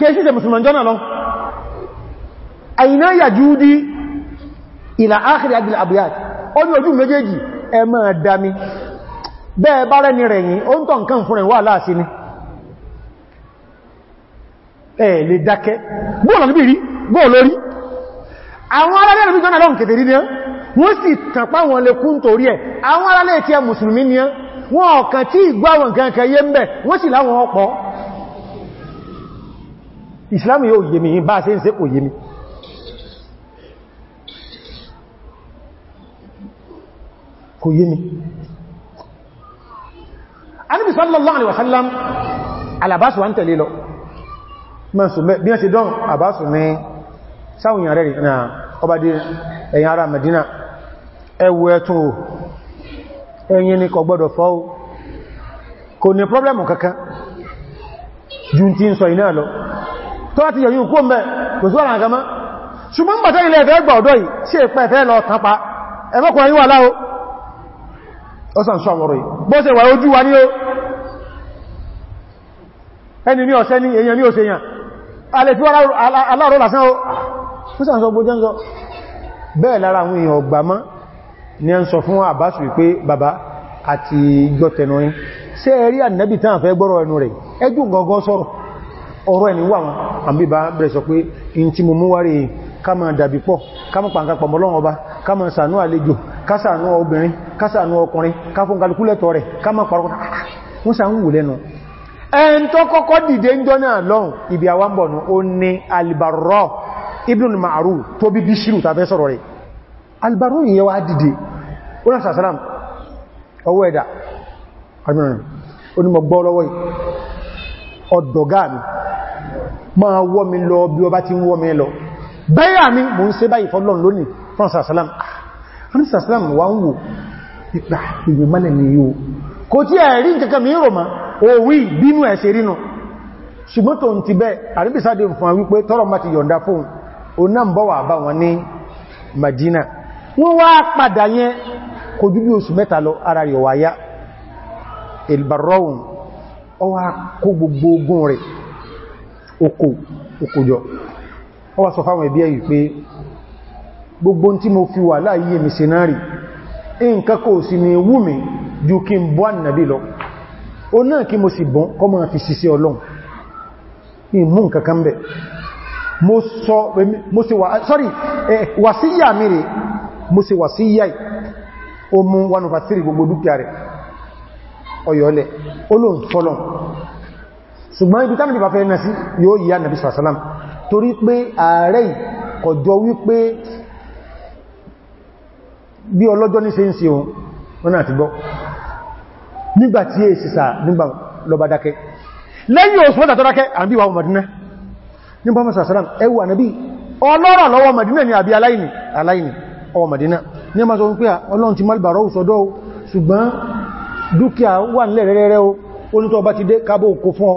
kéèsì tẹ musulman jọ́nà lọ àìná yàjúdí ìlà áàkìrì agbìlà àbúyàt ó ní ojú méjèèjì ẹ máa dámi bẹ́ẹ̀ bá rẹ̀ ní rẹ̀yìn ó ń tọ́ nǹkan fún rẹ̀ wà láàsí ni ẹ lè dákẹ́ bóòlọ̀ níbi rí bóòlọ́ ni ni ìsìláàmù yóò yé mi bá ṣe ń ṣe kò yé mi kò yé mi Ànábì sallallahu alaihi wasallam alabasu wa n tẹ̀lé lọ bí wọ́n ṣe dán àbásu ní sáwọn èèyàn rẹ̀ na ọbádé ẹ̀yìn ara Medina ẹwù ẹ̀tún o ẹ̀yìn ni kò gbọ́dọ̀ fọ́ o kò ní pọ́blẹ̀mù kankan ju tí ń sọ iná lọ tó láti yọ̀yí òkú mẹ́ kò sí ọ̀nà àgámá ṣùgbọ́n gbàtẹ́ ilẹ̀ ẹ̀fẹ́ gbà ọ̀dọ́ yìí sí ẹ̀pẹ́ ẹ̀fẹ́ lọ tàpa ẹ̀mọ́kùnrin wà láó ó sàn sọ ọ̀rọ̀ yìí bó ṣe wà ojú wa ní ó ẹni ní ọ̀sẹ́ ní èyàn ní òṣèyàn alẹ́ tí aláàrọ̀ lásán ó fún sàn sọ gbójẹ́ ń sọ bẹ́ẹ̀ lára àwọn èèyàn ọgbà mọ́ ni ń sọ fún àbásù wípé bàbá àti ìjọ tẹnu yìí ṣé ẹ rí ànẹ́bì tán àfẹ́ gbọ́rọ̀ ẹnu rẹ̀ ẹjú gangan sọ̀rọ̀ ọ̀rọ̀ ẹni wà wọn àbíbá bẹ̀rẹ̀ sọ pé in tí mo mú wárí ká máa dàbí pọ̀ ká mọ́ pàǹkà pọ̀ mọ́lọ́wọ́ ọba ká máa ṣàánú àlejò ká ṣàánú obìnrin ká ṣàánú ọkùnrin ká fún kalukúlẹ̀tọ̀ rẹ̀ ká máa pàrọ̀ wọ́n sà ń wù lẹ́nu ẹn tó kọ́kọ́ dìde ń jọ́nà lọ́hùn ibi àwambọ̀nù ó ní alìbàrọ̀ mi máa wọ́ mi lọ bí ọba ti ń wọ́ mi lọ bẹ́yà mi mò ń ṣe báyìí fọ́lọ́n lónìí fransasalam fransasalam wà ń wò pípa ìgbè mọ́lẹ̀ ni yóò kò tí ẹ̀rí kankan mi rò ma òwí bínú ẹ̀ ṣe rínú ṣùgbọ́n tó ń ti bẹ́ àríbìsáde fún wa wípé tọ́rọ má ti yọ̀nda fún o náà ń bọ́ wà bá wọn ní Madina wọ́n wá padà yẹn kò jú bí oṣù mẹ́ta lọ ara rẹ̀ wáyá ọwá kó gbogbo ogun rẹ̀ oko okòjọ ọ wá sọ fáwọn ẹbí ẹ̀yì pé gbogbo tí mo fi wà láàyè mi sinari nǹkan kò sí ni wú mi ju kí n bọ́ ànàbí lọ o náà kí mo sì bọ́n kọ́ máa fi ṣiṣẹ́ ọlọ́run ní mú nǹkan kan bẹ̀ mo sọ mo sì wà sorry wà sí yà mi rè mo sì wà sí o mú 1 over 3 gbogbo dúkìá rẹ̀ ọ̀yọ́lẹ̀ olóòfọ́lọ́n ṣùgbọ́n ibi tánàbí bá fẹ́ náà sí yóò yíya nàbí sàásàlám torí pé ààrẹ kọjọ wípé bí ọlọ́jọ́ ní ṣe ń ṣe ohun wọ́n náà ti gbọ́ nígbàtí è sísà nígbà lọba dákẹ́ lẹ́yìn oṣù mẹ́ta tó dákẹ́ àbí wà Madina nígbà mọ́ sàásàlám ẹwù ànàbí ọlọ́rọ̀ lọ́wọ́ Madina ni àbí aláìní aláìní ọwọ́ Madina ní o onítọ̀ bá ti dé kábò kò fún ọ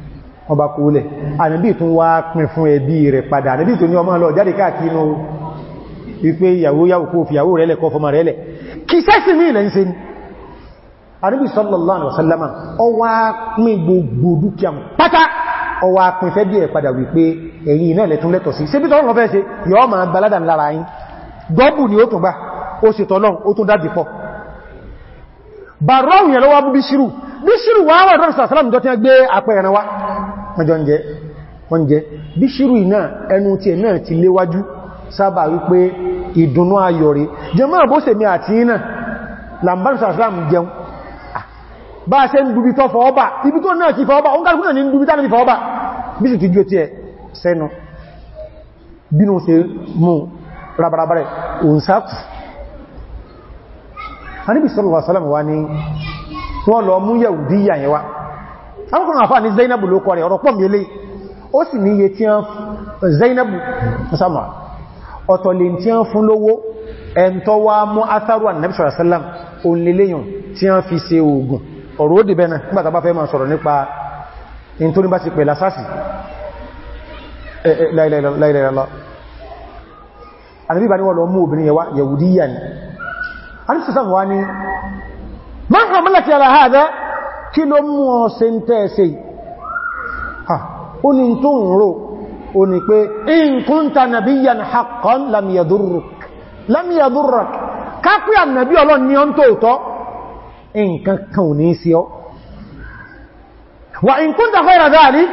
ọba kúlẹ̀ àníbí tún wá pín fún ẹbí rẹ̀ padà àníbí tún ní ọmọ lọ jáde káàkiri inú wípé ìyàwó yàwó kó fi ìyàwó rẹ̀ lẹ́kọ́ fọmọ rẹ̀ lẹ̀ kí sẹ́sì ní ilẹ̀ ń se ní àníbí sallallahu alaihi wasallam ó wá pín gbogbo dúkìá pátá ó wá pín fẹ́ bí ẹ̀ padà wípé ẹ̀yin náà lẹ tún lẹ́tọ̀ sí sébí tọ́lọ́ fẹ́ ṣe yọ́ ma gbaládà lára yín dọ́bù ni ó tún gbá ó sì tọ́lọ́ ó tún wọ́n jọ ń jẹ wọ́n jẹ bí ṣírù náà ẹnu tí ẹ̀ náà ti léwájú sábà wípé ìdùnnú ayọ̀rẹ́ jẹmọ́ àbóṣèmí àti iná lambamsaslam jẹun bá ṣe ń dubi tọ́ fọ́ọ́bà ibi tó náà kí fọ́ọ́bà oún kàrùkú náà ní dubi tánàbí fọ́ọ́bà bí sì ti jú ti wọ́n lọ mú yẹ̀wù díyà àwọn àfáà ní Zainabu ló kọ rẹ̀ ọ̀rọ̀ pọ̀ mẹ́lẹ̀ ó sì ní iye tí wọ́n Zainabu musamman ọ̀tọ̀lẹ̀ tí wọ́n fún lówó ẹ̀ntọ́ wá mú atharu Annabi sallallahu alaihi wasallam onílẹ́yìn tí wọ́n fi ṣe oògùn ọ̀rọ̀ ó dìbẹ̀ náà nígbàtà bá fẹ́ máa sọ̀rọ̀ nípa in tó ní bá ti pẹ̀lá sáàsì láìláìlá àníbíbà kí ló mú ọ ṣe ń tẹ́ẹ̀ṣe ó ní tó ń rò ó ní pé in kunta nabiyyan haqqan lam yadurruk lam yadurruk kápí ànàbí ọlọ́n ní ọ́n tóòtọ́ nǹkan kan ò ní sí ọ wa in kunta khayra dhalik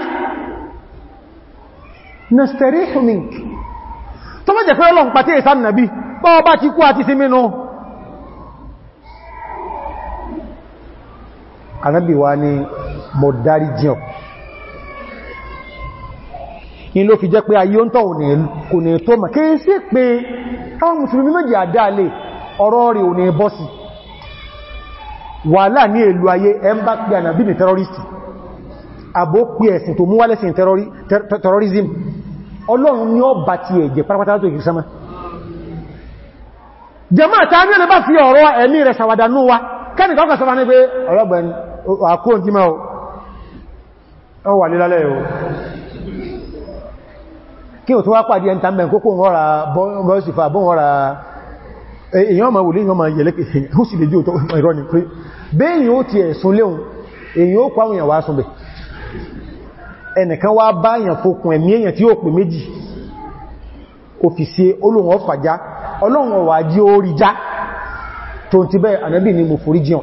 tó mẹ́jẹ̀ pé ọlọ́n pàtí ìsànnàbí bọ́ ti kú àti sí mínú anábì wa ni mo dárí jẹun in ló fi jẹ́ pé ayé ń tọ́wò kò ní tó mọ̀ kí sí pé àwọn mùsùlùmí méjì àdáàlẹ̀ ọ̀rọ̀ rẹ̀ ò ní bọ́sì wàhálà ní èlú ayé ẹn bá pè ànàbí ní tẹ́rọrìsì àbó pè ẹ̀sìn tó múwálẹ́sìn tẹ́rọrìsìm ọlọ́run ni ó bá ti ẹ̀jẹ̀ pátápátá tó ìgbìsánmá àkó ń dímá ọ wà nke o kí o tó wá pàdé ẹni tàbí kókó ọ̀rà bọ́ọ̀sífà bọ́ọ̀rà èyàn ma wùlé èyàn ma yẹ̀lẹ́kẹ̀ ó lè jí òtọ́ ìrọ́ ni pé bẹ́yìn ó ti ẹ̀sùn léhun èyàn ó ti bẹ́ ànábì ni mo forí jíọ̀n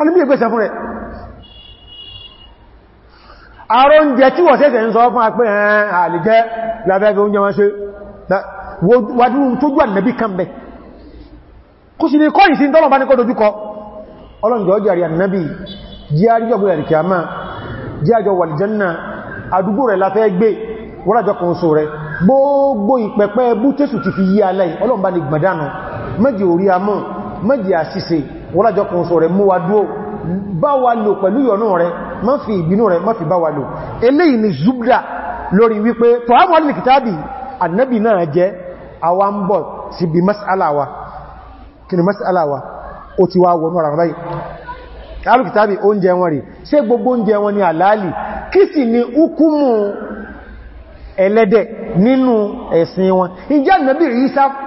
ọdún bí ìgbésẹ̀ fún rẹ̀ àrọ oúnjẹ tí wọ́n sẹ́sẹ̀ ń sọ fún apẹ́ ẹ̀hàn àlìjẹ́ lábẹ́gbẹ́ oúnjẹ wọ́n ṣe wádúrú tó gbà nẹ́bí kan bẹ̀ kó sì ní kọ́ ìsìn tọ́lọ̀ bá ní kọ́ dojúkọ ọlọ́njẹ́ ọjọ́ àrí mẹ́jì orí amọ́ mẹ́jì àṣìṣe wọ́lájọ́ kan sọ rẹ̀ mú wa dúó bá wa lò pẹ̀lú yọ̀nú rẹ̀ má fi ìbínú rẹ̀ má fi bá wa lò eléyìí ni zubda lórí wípé tọ́hámọ́ ní kìtàbí annabi náà jẹ́ àwa ń bọ̀ sí bí masalawa kí ni masalawa ni àlàálì kí sì ni hukumu ẹlẹ́dẹ̀ nínú ẹ̀sìn wọn ìjẹ́ ànàbí Ìsá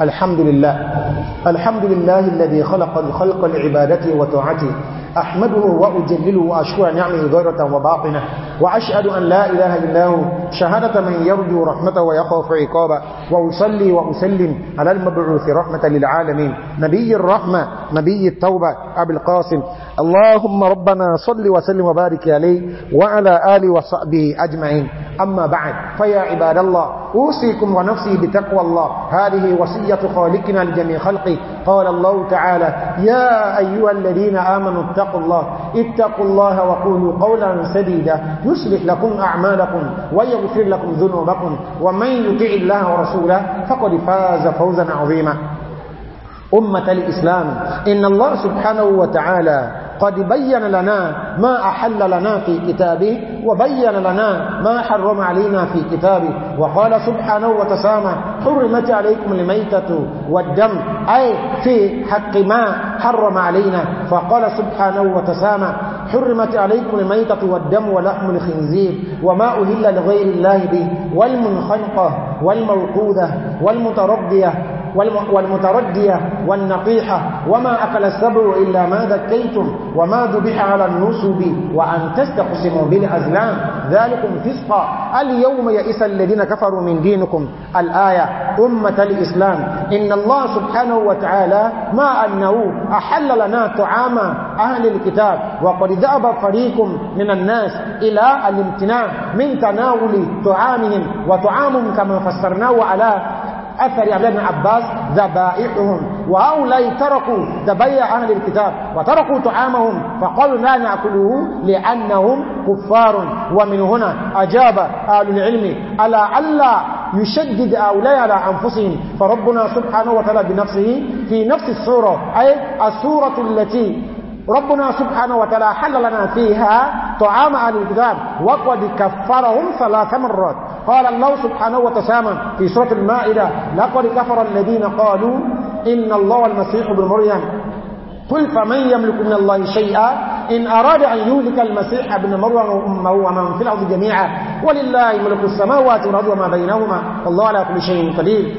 الحمد لله الحمد لله الذي خلق الخلق لعبادته وطاعته أحمده وأجلله وأشكر نعمه ذرة وباطنة وأشهد أن لا إله إلا هو شهادة من يرجو رحمته ويخاف عقابه وأصلي وأسلم على المبعوث رحمة للعالمين نبي الرحمة نبي التوبة أبي القاسم اللهم ربنا صل وسلم وبارك عليه وعلى آله وصحبه أجمعين أما بعد فيا عباد الله أوصيكم ونفسي بتقوى الله هذه وصية وبقية خالقنا لجميع خلقه قال الله تعالى يا أيها الذين آمنوا اتقوا الله اتقوا الله وقولوا قولا سديدا يصلح لكم أعمالكم ويغفر لكم ذنوبكم ومن يطع الله ورسوله فقد فاز فوزا عظيما أمة الإسلام إن الله سبحانه وتعالى قد بين لنا ما أحل لنا في كتابه وبين لنا ما حرم علينا في كتابه وقال سبحانه وتسامى حرمت عليكم الميتة والدم أي في حق ما حرم علينا فقال سبحانه وتسامى حرمت عليكم الميتة والدم ولحم الخنزير وما أهل لغير الله به والمنخنقة والموقوذة والمتربية والمتردية والنقيحة وما أكل السبع إلا ما ذكيتم وما ذبح على النسب وأن تستقسموا بالأزلام ذلكم فسقا اليوم يئس الذين كفروا من دينكم الآية أمة الإسلام إن الله سبحانه وتعالى ما أنه أحل لنا تعامى أهل الكتاب وقد ذأب فريق من الناس إلى الامتناع من تناول تعامهم وتعامهم كما فسرناه على أثر عبد بن عباس ذبائحهم وهؤلاء تركوا ذبائح أهل الكتاب وتركوا طعامهم فقالوا لا نأكله لأنهم كفار ومن هنا أجاب أهل العلم ألا ألا يشدد هؤلاء على أنفسهم فربنا سبحانه وتعالى بنفسه في نفس السورة أي السورة التي ربنا سبحانه وتعالى حل لنا فيها طعام أهل الكتاب وقد كفرهم ثلاث مرات قال الله سبحانه وتسامى في سورة المائدة لقد كفر الذين قالوا إن الله المسيح ابن مريم قل فمن يملك من الله شيئا إن أراد أن يهلك المسيح ابن مريم وأمه ومن في الأرض جميعا ولله ملك السماوات والأرض وما بينهما والله على كل شيء قدير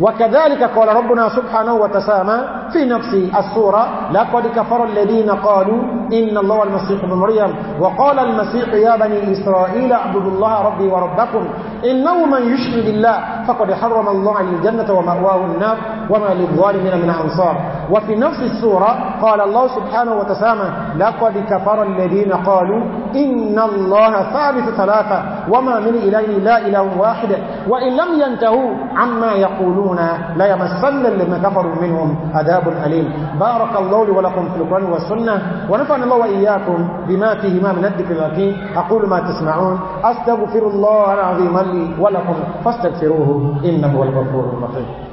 وكذلك قال ربنا سبحانه وتسامى في نفس السورة لقد كفر الذين قالوا إن الله المسيح بن مريم وقال المسيح يا بني إسرائيل اعبدوا الله ربي وربكم إنه من يشهد بالله فقد حرم الله عن الجنة ومأواه النار وما للظالمين من أنصار وفي نفس السورة قال الله سبحانه وتسامى لقد كفر الذين قالوا إن الله ثالث ثلاثة وما من إليه لا إله واحد وإن لم ينتهوا عما يقولون لا يمسل لما كفروا منهم أداب أليم بارك الله لي ولكم في القرآن والسنة ونفعنا الله وإياكم بما فيهما من الذكر الأكيم أقول ما تسمعون أستغفر الله العظيم لي ولكم فاستغفروه إنه هو الغفور الرحيم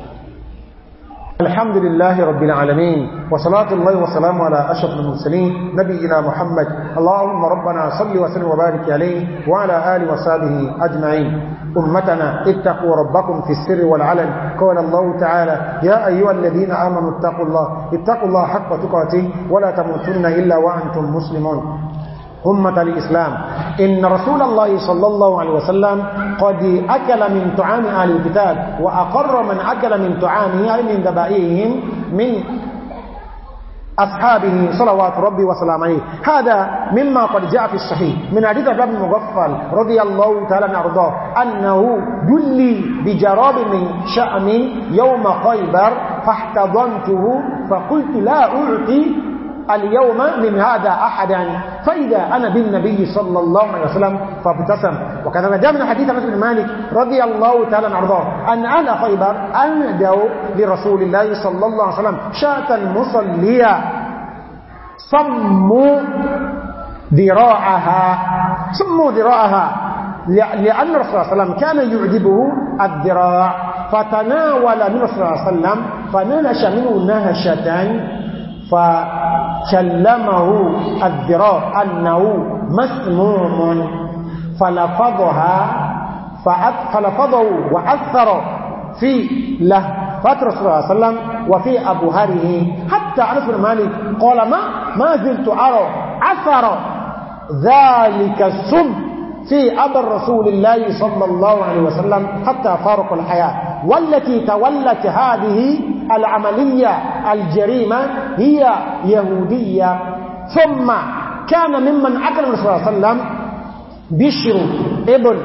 الحمد لله رب العالمين وصلاة الله وسلام على أشرف المرسلين نبينا محمد اللهم ربنا صل وسلم وبارك عليه وعلى آله وصحبه أجمعين أمتنا اتقوا ربكم في السر والعلن قال الله تعالى يا أيها الذين آمنوا اتقوا الله اتقوا الله حق تقاته ولا تموتن إلا وأنتم مسلمون أمة الإسلام إن رسول الله صلى الله عليه وسلم قد أكل من طعام أهل الكتاب وأقر من أكل من طعامه أي من ذبائحهم من أصحابه صلوات ربي وسلام عليه هذا مما قد جاء في الصحيح من عديد باب المغفل رضي الله تعالى من أرضاه أنه جلي بجراب من شأم يوم خيبر فاحتضنته فقلت لا أعطي اليوم من هذا أحدا فإذا أنا بالنبي صلى الله عليه وسلم فابتسم وكان جاء من حديث أنس بن مالك رضي الله تعالى عنه أن أنا خيبر أندوا لرسول الله صلى الله عليه وسلم شاة مصلية صموا ذراعها صموا ذراعها لأن الرسول صلى الله عليه وسلم كان يعجبه الذراع فتناول من صلى الله عليه وسلم فنلش منه نهشة فكلمه الذراع أنه مسموم فلفظها فلفظه وأثر في له فترة صلى الله عليه وسلم وفي أبو هريره حتى عرف بن مالك قال ما ما زلت أرى أثر ذلك السم في أبر رسول الله صلى الله عليه وسلم حتى فارق الحياة والتي تولت هذه العملية الجريمة هي يهودية ثم كان ممن أكرم صلى الله عليه وسلم بشر ابن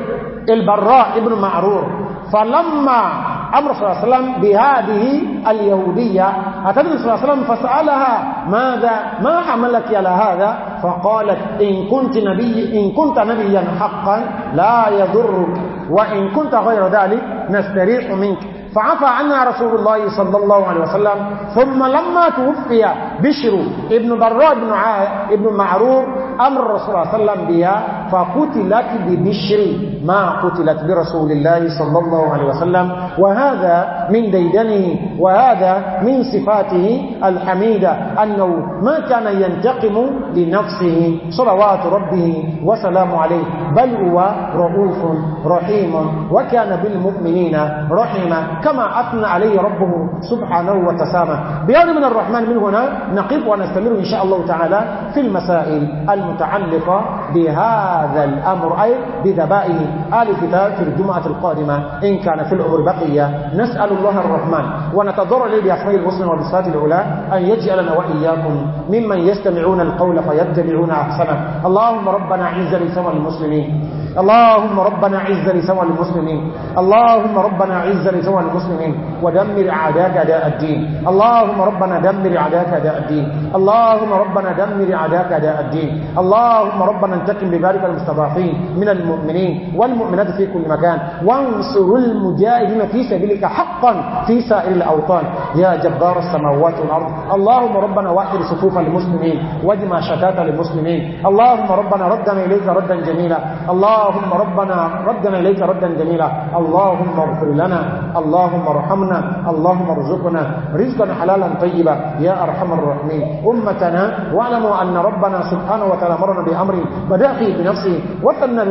البراء ابن معرور فلما أمر صلى الله عليه وسلم بهذه اليهودية أتدري صلى الله عليه وسلم فسألها ماذا ما عملك على هذا فقالت إن كنت, نبي إن كنت نبيا حقا لا يضرك وإن كنت غير ذلك نستريح منك فعفى عنها رسول الله صلى الله عليه وسلم ثم لما توفي بشر ابن براء ابن, ابن معرور أمر الرسول صلى الله عليه وسلم بها فقتلت ببشر ما قتلت برسول الله صلى الله عليه وسلم وهذا من ديدنه وهذا من صفاته الحميدة أنه ما كان ينتقم لنفسه صلوات ربه وسلام عليه بل هو رؤوف رحيم وكان بالمؤمنين رحيما كما أثنى عليه ربه سبحانه وتسامى بيان من الرحمن من هنا نقف ونستمر إن شاء الله تعالى في المسائل المتعلقة بهذا الأمر أي بذبائه آل كتاب في الجمعة القادمة إن كان في العمر بقية نسأل الله الرحمن ونتضرع بأخير المسلم وبصفات العلا أن يجعلنا وإياكم ممن يستمعون القول فيتبعون أحسنه اللهم ربنا عز لسوى المسلمين اللهم ربنا عز لسوى المسلمين اللهم ربنا عز لسوى المسلمين ودمر أعداءك أداء الدين اللهم ربنا دمر أعداءك أداء الدين اللهم ربنا دمر أعداءك أداء الدين اللهم ربنا انتقم ببارك المستضعفين من المؤمنين والمؤمنات في كل مكان وانصر المجاهدين في سبيلك حقا في سائر الأوطان يا جبار السماوات والأرض اللهم ربنا واحر صفوف المسلمين واجمع شتات المسلمين اللهم ربنا ردنا إليك ردا جميلا اللهم اللهم ربنا ردنا إليك ردا جميلا اللهم اغفر لنا اللهم ارحمنا اللهم ارزقنا رزقا حلالا طيبا يا أرحم الراحمين أمتنا واعلموا أن ربنا سبحانه وتعالى مرنا بأمره بدأ فيه بنفسه وثنى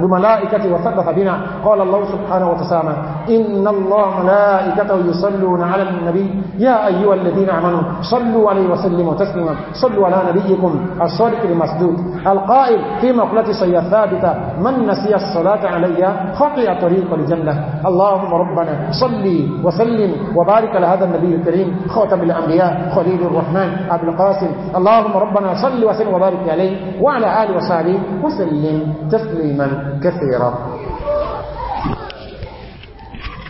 بملائكته وثبت بنا قال الله سبحانه وتعالى إن الله ملائكته يصلون على النبي يا أيها الذين آمنوا صلوا عليه وسلموا تسلما صلوا على نبيكم الصادق المسدود القائل في مقلة سي ثابتة من نسي الصلاة علي خطئ طريق الجنة اللهم ربنا صلي وسلم وبارك لهذا النبي الكريم خاتم الأنبياء خليل الرحمن أبو القاسم اللهم ربنا صلي وسلم وبارك عليه وعلى آله وسلم وسلم تسليما كثيرا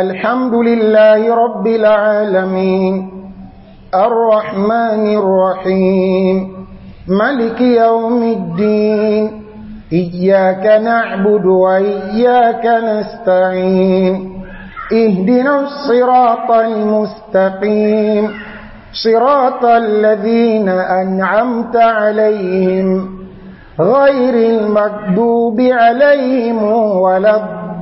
الحمد لله رب العالمين الرحمن الرحيم ملك يوم الدين إياك نعبد وإياك نستعين اهدنا الصراط المستقيم صراط الذين أنعمت عليهم غير المكذوب عليهم ولا الضالين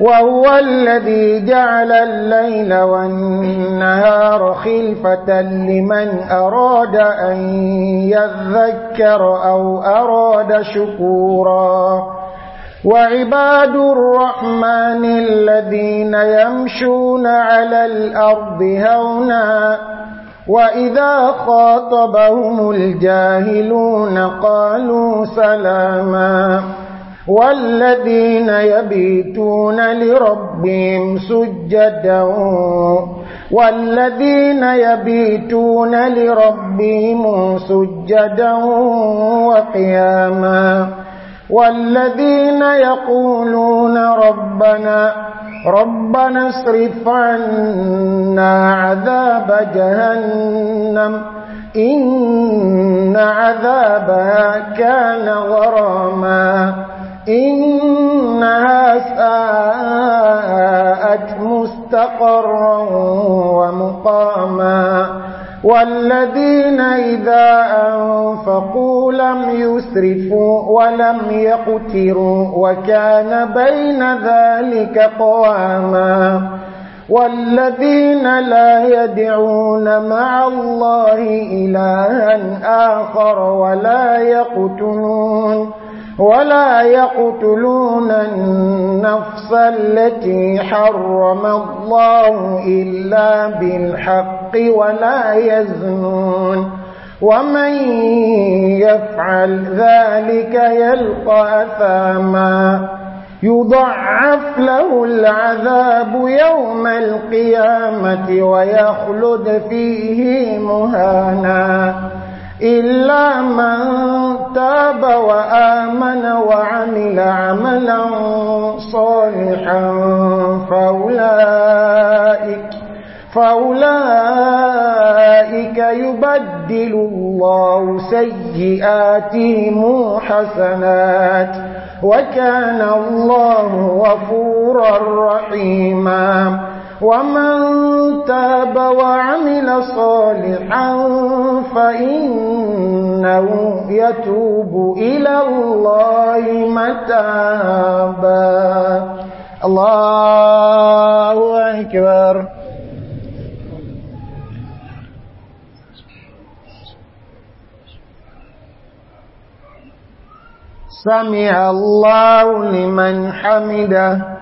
وهو الذي جعل الليل والنهار خلفة لمن أراد أن يذكر أو أراد شكورا وعباد الرحمن الذين يمشون على الأرض هونا وإذا خاطبهم الجاهلون قالوا سلاما والذين يبيتون لربهم سجدا والذين يبيتون لربهم سجدا وقياما والذين يقولون ربنا ربنا اصرف عنا عذاب جهنم إن عذابها كان غراما إنها ساءت مستقرا ومقاما والذين إذا أنفقوا لم يسرفوا ولم يقتروا وكان بين ذلك قواما والذين لا يدعون مع الله إلها آخر ولا يقتلون ولا يقتلون النفس التي حرم الله إلا بالحق ولا يزنون ومن يفعل ذلك يلقى أثاما يضعف له العذاب يوم القيامة ويخلد فيه مهانا إلا من تاب وآمن وعمل عملا صالحا فأولئك فأولئك يبدل الله سيئاتهم حسنات وكان الله غفورا رحيما ومن تاب وعمل صالحا فإنه يتوب إلى الله متابا الله أكبر سمع الله لمن حمده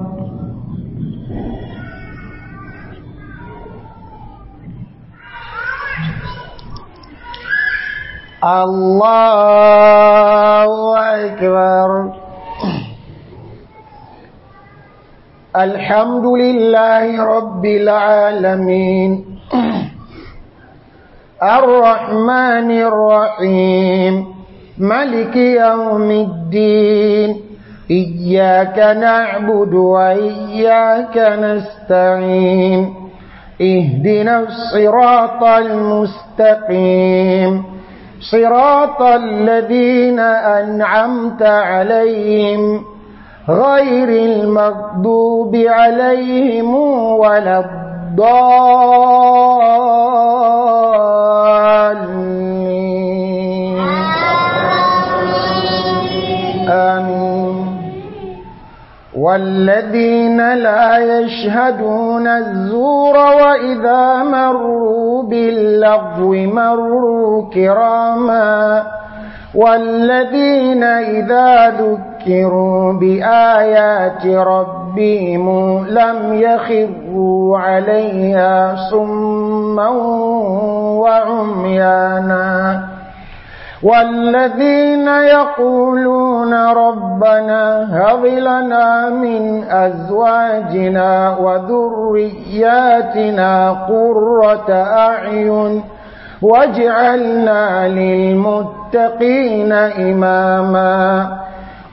الله أكبر الحمد لله رب العالمين الرحمن الرحيم ملك يوم الدين إياك نعبد وإياك نستعين اهدنا الصراط المستقيم صراط الذين أنعمت عليهم غير المغضوب عليهم ولا الضالين والذين لا يشهدون الزور وإذا مروا باللغو مروا كراما والذين إذا ذكروا بآيات ربهم لم يخروا عليها صما وعميانا والذين يقولون ربنا هب لنا من أزواجنا وذرياتنا قرة أعين واجعلنا للمتقين إماما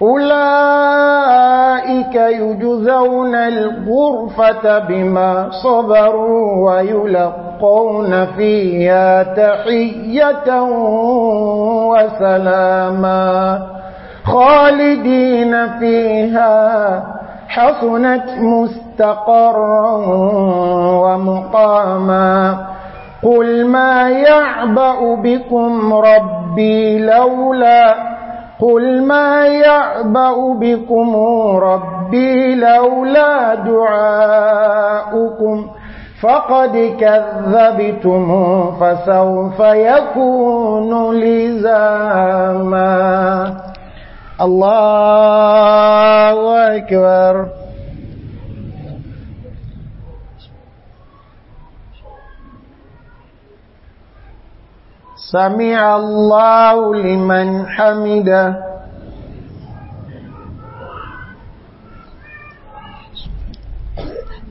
أولئك يجزون الغرفة بما صبروا ويلقون يلقون فيها تحية وسلاما خالدين فيها حصنت مستقرا ومقاما قل ما يعبأ بكم ربي لولا قل ما يعبأ بكم ربي لولا دعاؤكم فقد كذبتم فسوف يكون لزاما الله أكبر سمع الله لمن حمده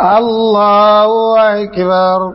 الله أكبر